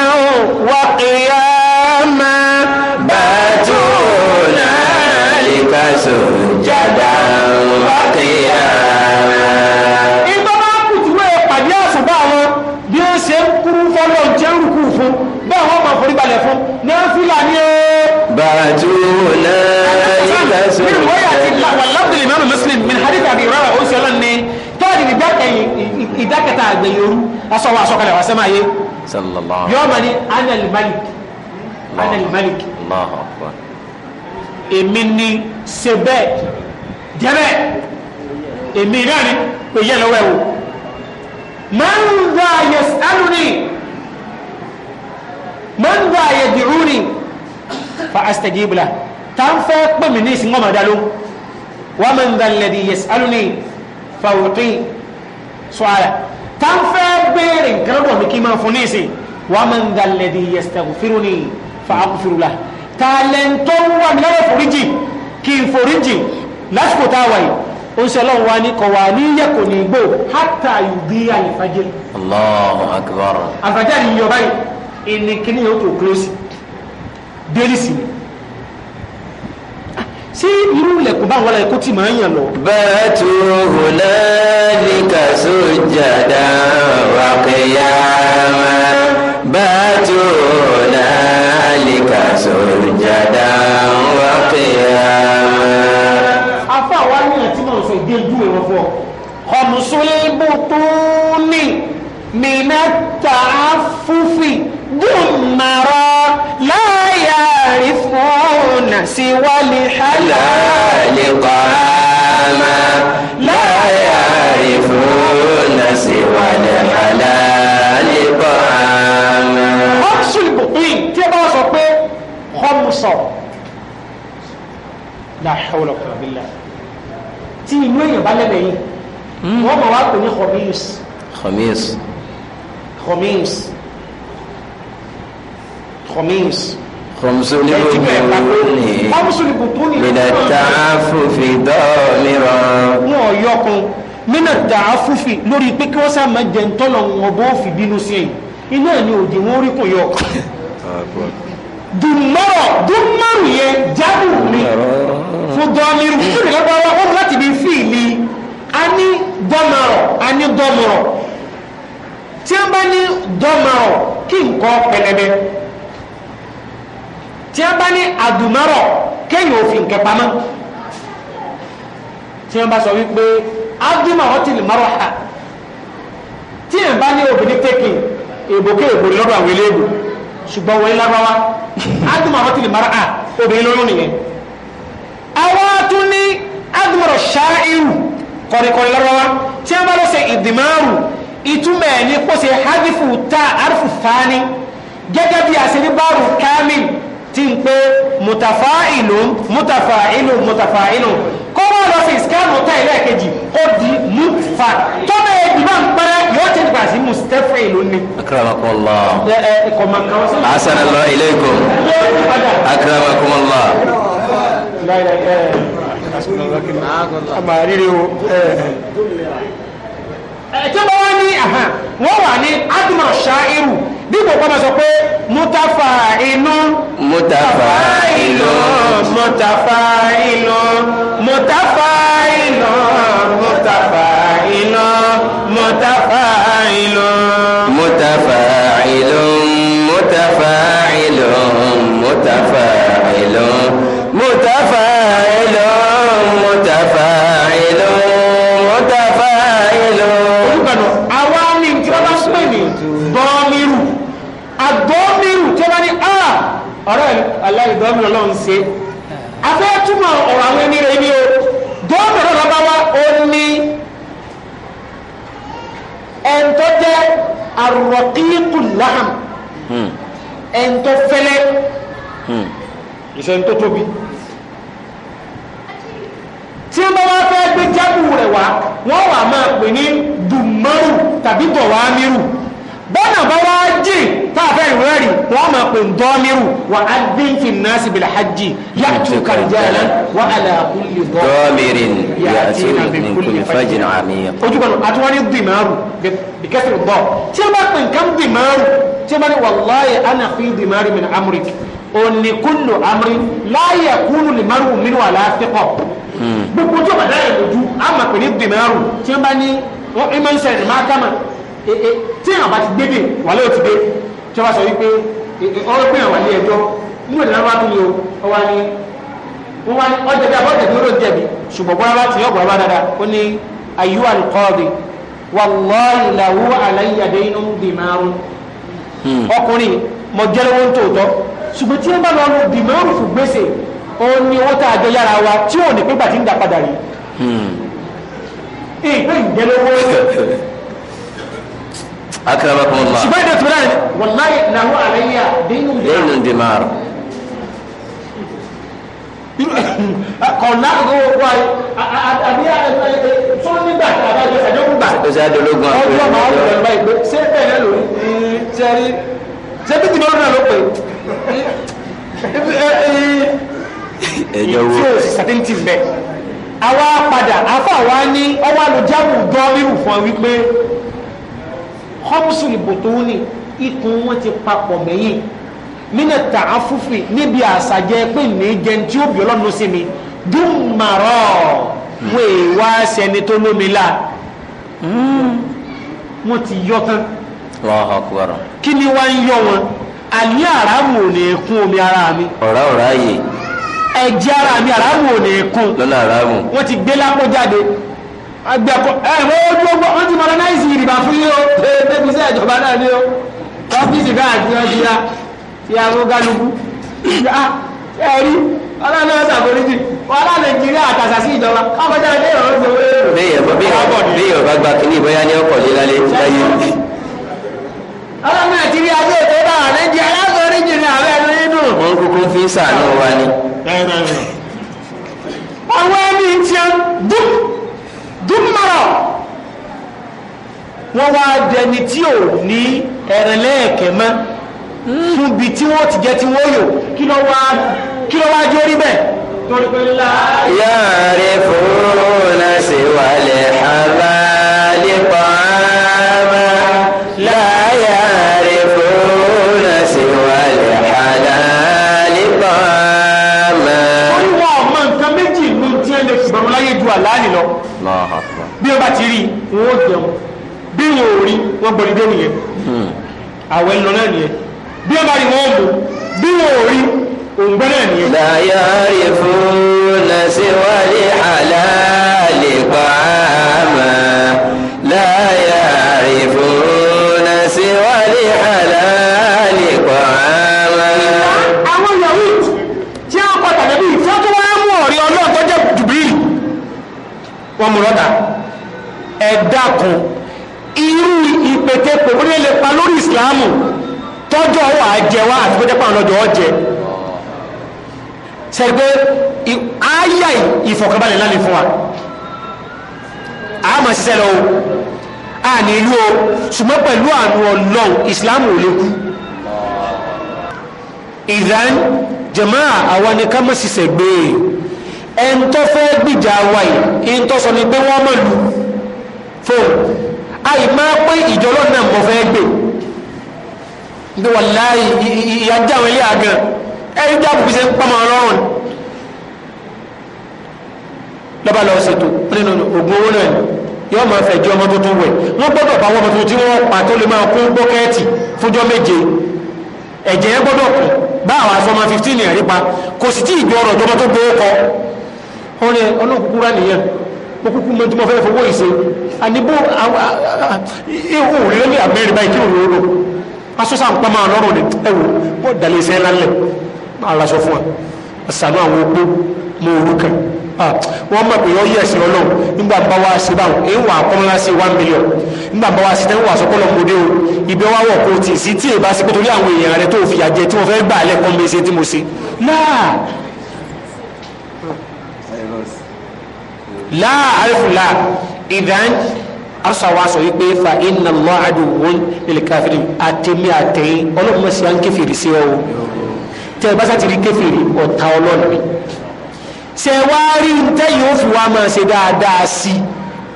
هنالك سبحان من رواية واللفظ الإمام مسلم من حديث أبي هريرة أوسي الله أني tọ́ọ̀dì ìdákẹta àgbẹ̀yòrú asọ́wọ́ asọ́kalẹ̀ wà sẹ́máyé yọ́ọ̀mà ní anal malik anal malik èmi ni ṣe bẹ́ẹ̀ jẹ́bẹ́ èmi náà ni pé yẹ lọ́wọ́ ẹ̀wò máa ta ń fẹ́ pè mí ní ìsìn ọmọdé ló wa man dha alladhi yas'aluni fàwùtí sọ́ọ̀lá ta ń fẹ́ béèrè nǹkan lọ́dọ̀ mi kí n máa fún ní ìsìn wa man dha alladhi yastaghfiruni fa'aghfiru lah ta wà mí lọ́wọ́ foríjì kí n foríjì lásìkò tá a wà yìí ó ń ṣe ọlọ́run wa ní kọ̀ wà ní yẹ̀kọ̀ ní igbó hátà ìdí àyèfàjẹ́. akbar. àfàjẹ́ yìí yọ báyìí ìnìkíní yóò tó kúrò sí délì sí ni sí irú ilẹ̀kùn bá wọlé kó tí máa ń yàn lọ. bẹ́ẹ̀ tó hùlẹ́ ní kàṣó jàdá wà kẹyàmá bẹ́ẹ̀ tó hùlẹ́ ní kàṣó jàdá wà kẹyàmá. afa wa ni àti náà sọ ìdí ojú ìwọ̀n fọ. ọ̀mùsùlùmí tó ní mìíràn. الأنس والحلال طعاما لا يعرفون سوى الحلال طعاما خمس البطين كما صبي خمسة لا حول ولا بالله tí inú èèyàn bá lẹ́bẹ̀ẹ́ yìí wọ́n mọ̀ wá pè ní khomis. khomis. khomis. khomis. خمسون بطون من التعفف ضامرا mina dàáfúfì lórí pé kí wọ́n sá máa jẹ ntọ́lọ̀ wọn bó fi bínú sí ẹ̀yìn iná ni òdì wọn rí kò yọ. dùnmọ́rọ̀ dùnmọ́rù yẹn jábù ni fún dọ́mírù fún ìlọ́gbà wa wọ́n láti bí fíìlì a ní dọ́mọ̀rọ̀ a ní dọ́mọ̀rọ̀ tí wọ́n bá ní dọ́mọ̀rọ̀ kí nǹkan pẹlẹbẹ tí wọ́n bá ní àdùmọ́rọ̀ kéèyàn ò fi nǹkan pamọ́ tí wọ́n bá sọ wípé àdùmọ́rọ̀ ti lè mọ́rọ̀ ha tí wọ́n bá ní obìnrin tẹ́kìn èbòkè èbò lọ́dọ̀ àwọn eléèbò ṣùgbọ́n wọ́n lábáwá àdùmọ́rọ̀ ti lè mọ́rọ̀ ha obìnrin lóyún nìyẹn àwọn tún ní àdùmọ́rọ̀ ṣáá irú kọ̀rìkọ̀rì lọ́wọ́ tí a bá lọ́sẹ̀ ìdìmáàrù ìtumọ̀ ní pọ́sẹ̀ hadifu tí ń pé mùtàfáìlù mùtàfáìlù mùtàfáìlù kó wá lọ sí ìsìkáàmù tá ilé ẹ̀kejì ó di mùtàfà tó bẹ́ẹ̀ di máa ń pẹ́rẹ́ yóò ti gbà sí mùsítẹ́fẹ̀ìlù ni. akramakumullah. ẹ ẹ kọ̀mọ̀kan. asanallahu o Eh, tó bá wá ní àhàn wọ́n wà ní adùmọ̀ ṣáírù bí gbogbo ọmọ sọ pé mutafa inú mutafa inú mutafa inú mutafa inú. gọ́ọ̀mù lọ́n ṣe afẹ́ túmọ̀ ọ̀rọ̀ àwọn ẹni rẹ̀ ni o gọ́ọ̀mù lọ́n bá wá ó ní ẹ̀ńtọ́ jẹ́ arọ̀kíkù láhàm ẹ̀ńtọ́ fẹ́lẹ́ ìṣẹ̀ńtọ́ hmm. tóbi tí wọ́n wá fẹ́ gbé jábù rẹ̀ wá wọ́n wà máa pè ní dùmọ́rù tàbí tọ̀wá mírù bọ́nà bá wá jì táàfẹ́ ìwé rí wọ́n máa pè ń dọ́mírù wà á dín fi náà sí bìlà hajji yá tu kàrìjàlá wà á là kúlì dọ́mírì yà sí ní kúlì fàjìnà àmìyàn. ojú kan àti wọn ní dìmáàrù bí kẹsìrì bọ tí wọn bá pè nǹkan dìmáàrù tí wọn ní wàláyé àná láyé kúlù lìmárù min wà láàfíkọ. gbogbo tó bàdá yẹn lójú àmàpè ní dìmáàrù tí wọn bá ní hmm. wọn ìmọ̀ ń sẹ̀rẹ̀ má Eh, eh, tí àwọn bá ti gbé dè wà lóò ti dé tí wọ́n bá sọ wípé eh, ọ̀rọ̀ pé àwọn ilé ẹjọ́ inú ìdáná bá tún yọ ọwọ́ ni wọ́n wá ní ọjọ́ bí abọ́ tẹ̀lé olóòtú ẹ̀bí ṣùgbọ́n bọ́lá bá ti yọ bọ́lá bá dáadáa ó ní ayú alukọ́ọ̀dì wàlọ́ọ̀lì làwú àlàyéyàdé inú bì márùn ọkùnrin mọ jẹ́lẹ́wọ́ tòótọ́ ṣùgbọ́n tí wọ́n bá lọ bì márùn fún gbèsè a jọ yára wa tí ò ní pípa tí ń dà padà akarabakum allah ṣùgbọ́n ìdọ̀tí bẹ́ẹ̀ wàláyé làwọn àlẹ́yà dínú dínú dìmar. kọ̀ọ̀nà àgọ́wọ́ wa àbí tó nígbà àbájọ àjọkùn gbà. ó ṣe àdológun àpò ìlú ọgbọ́n máa ń lọ báyìí pé ṣé bẹ́ẹ̀ ló ń sẹ́rí ṣé bí tìmọ̀ náà ló pè ẹjọ́ wo tí o sì sàtẹ́ntì bẹ́ẹ̀ àwa padà àfa wa ní ọwọ́ àlùjáwù dọ́ọ́lì fún ọ wípé khamsul butuni ikùn wọn ti papọ̀ mẹ́yìn mina ta'affufi níbi àṣàjẹ́ pé nìjẹ́ tí ó bí ọlọ́run ló sí mi dùnmọ̀rọ̀ wọ́n èèwà sẹni tó lómi la hmm. wọ́n ti yọ tán kí ni wá ń yọ wọn àní àràmù ò ní kún omi ara mi ọ̀rá ọ̀rá yìí ẹ̀jẹ̀ ara mi àràmù ò ní kún lọ́la àràmù wọ́n ti gbé lápò jáde agbẹ̀kọ̀ ẹ ẹ wọ́n ojú ọgbọ́n wọ́n ti modernize ìrìbà fún yín o ee bébí sẹ́ ìjọba náà ni o ọ́fíìsì káàkiri ọ̀sì ya ti àwọn galugu ah, ẹ rí ọlọ́run ọ̀sà àforíjì wọn á nàìjíríà àtàṣà sí ìjọba ọkọjá ilé ìrọ̀rùn ti wọlé rò. bí yorùbá bí yorùbá bí yorùbá gba kínní bóyá ní ọkọ̀ líla lé láyé. ọlọ́run nàìjíríà bí ètò bá wà nàìjíríà wọ́n wá dẹni tí ò ní ẹ̀rẹ̀ lẹ́ẹ̀kẹ́ mọ́ fún bí tí wọ́n ti jẹ́ tí wọ́n yò kí ló wá jẹ́ orí bẹ́ẹ̀. yàrá fún un náà wà lẹ́hàn. wọ́n gbọ́dí dé nìyẹn hmm. àwẹ̀ lọ náà nìyẹn bí wọ́n bá rí wọ́n mú bí wọ́n ò rí òǹgbẹ́ náà nìyẹn. láyà rí fún nasiwari halali pàmà láyà rí fún nasiwari halali pàmà. àwọn yahoo tí a kọ tàbí tí wọ́n tún wá mú ọ̀rí ọlọ́ọ̀tọ́jẹ́ jùbìlì wọ́n mú lọ́tà ẹ̀dá kan ìsìláàmù tọ́jọ́ wà jẹ wá àti pẹ́jẹ́ pàwọn lọ́jọ́ jẹ sẹ́rí pé ayà ìfọ̀kànbalẹ̀ lálẹ́ fún wa àmọ́ ṣiṣẹ́ lọ a ní ìlú o ṣùgbọ́n pẹ̀lú àánú ọlọ́run ìsìláàmù ò lè kú ìdán jàmáà àwọn ni ká mọ̀ ṣiṣẹ́ gbé e ẹn tó fẹ́ gbìjà wa yìí ń tó sọ ni pé wọ́n mọ̀ lù fóun àyè máa pé ìjọlọ́nà mọ̀ fẹ́ gbé bí wàláyé ìyá jáwé ilé àgàn ẹni jáàbù fi ṣe ń pamọ́ ọlọ́run lọ́ba lọ ṣètò nínú ògùn owó náà yóò máa fẹ̀ jẹ́ ọmọ tuntun wẹ̀ wọ́n gbọ́dọ̀ pa ọmọ tuntun tí wọ́n pa tó lè máa kún bọ́kẹ́ẹ̀tì fúnjọ́ méje ẹ̀jẹ̀ yẹn gbọ́dọ̀ kù bá àwọn afọmọ fifteen yẹn rí pa kò sì tí ìgbẹ́ ọ̀rọ̀ jọba tó gbé kọ wọn ni ọlọ́kùnkùn rà nìyẹn mo kúkú mọ tí mo fẹ́ fowó ìṣe àníbó ìhùn lórí àbẹ́rẹ́ báyìí kí òun lò asọ́sà ń pamọ́ ọlọ́run ni ẹ̀wò wọ́n dalẹ̀ iṣẹ́ lálẹ́ aláṣọ fún wa àṣàánú àwọn opó mọ orúkà wọ́n mọ̀ pé wọ́n yí ẹ̀sìn ọlọ́run nígbà bá wá sí báwọn èyí wà kọ́mọ́lá sí one million nígbà bá wá sí tẹ́wọ́n wà sọ́kọ́ lọ́mọdé o ibi wá wọ̀ kó tì sí tí èbá sí pé torí àwọn èèyàn rẹ tó fìyà jẹ tí wọ́n fẹ́ gbà lẹ́ kọ́mọ́ ẹsẹ̀ tí mo ṣe náà láà àrífù láà ìdáhùn asa wa sọ wípé fa inna Allaha aduwwun lil kafirin àtẹ̀mí àtẹ̀yìn ọlọ́run mọ̀ sí à ń kẹfìrì sí ọ o tẹ ẹ bá sá ti rí kẹfìrì ọ̀tá ọlọ́run mi wá rí ntẹ́ yóò fi wá máa ṣe dáadáa sí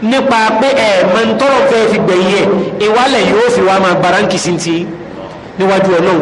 nípa pé ẹ̀ mẹ́ntọ́rọ̀ fẹ́ fi gbẹ̀yìn ẹ̀ ìwálẹ̀ yóò fi wá máa barankì sí ti níwájú ọlọ́run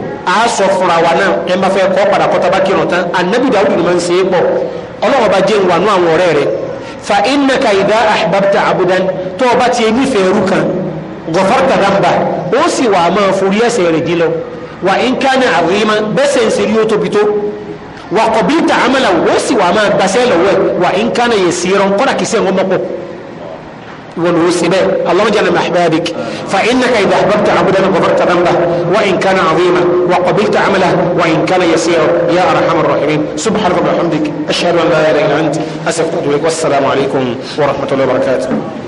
a sọ fúnra wa náà ẹ má fẹ́ kọ́ padà kọ́tà bá kírun tán anabi dawudu ni ma ń ṣe é pọ̀ ọlọ́wọ́ bá jẹ́ ìwà nú àwọn ọ̀rẹ́ rẹ̀ fa inna ka idha ahbabta abudan tó o bá ti ní fẹ́ẹ́rù kan ghafarta dhanba ó sì wà máa forí ẹ̀ṣẹ̀ rẹ̀ dín lọ wa in kana azima bẹ́sẹ̀ ń tóbi tó wa qabilta amala ó sì wà máa gbàṣẹ́ lọ́wọ́ wa in kana yasiran kọ́dà kìí sẹ́ والوسباء اللهم جل من احبابك فانك اذا احببت عبدا غفرت ذنبه وان كان عظيما وقبلت عمله وان كان يسير يا ارحم الراحمين سبحانك وبحمدك اشهد ان لا اله الا انت اسف والسلام عليكم ورحمه الله وبركاته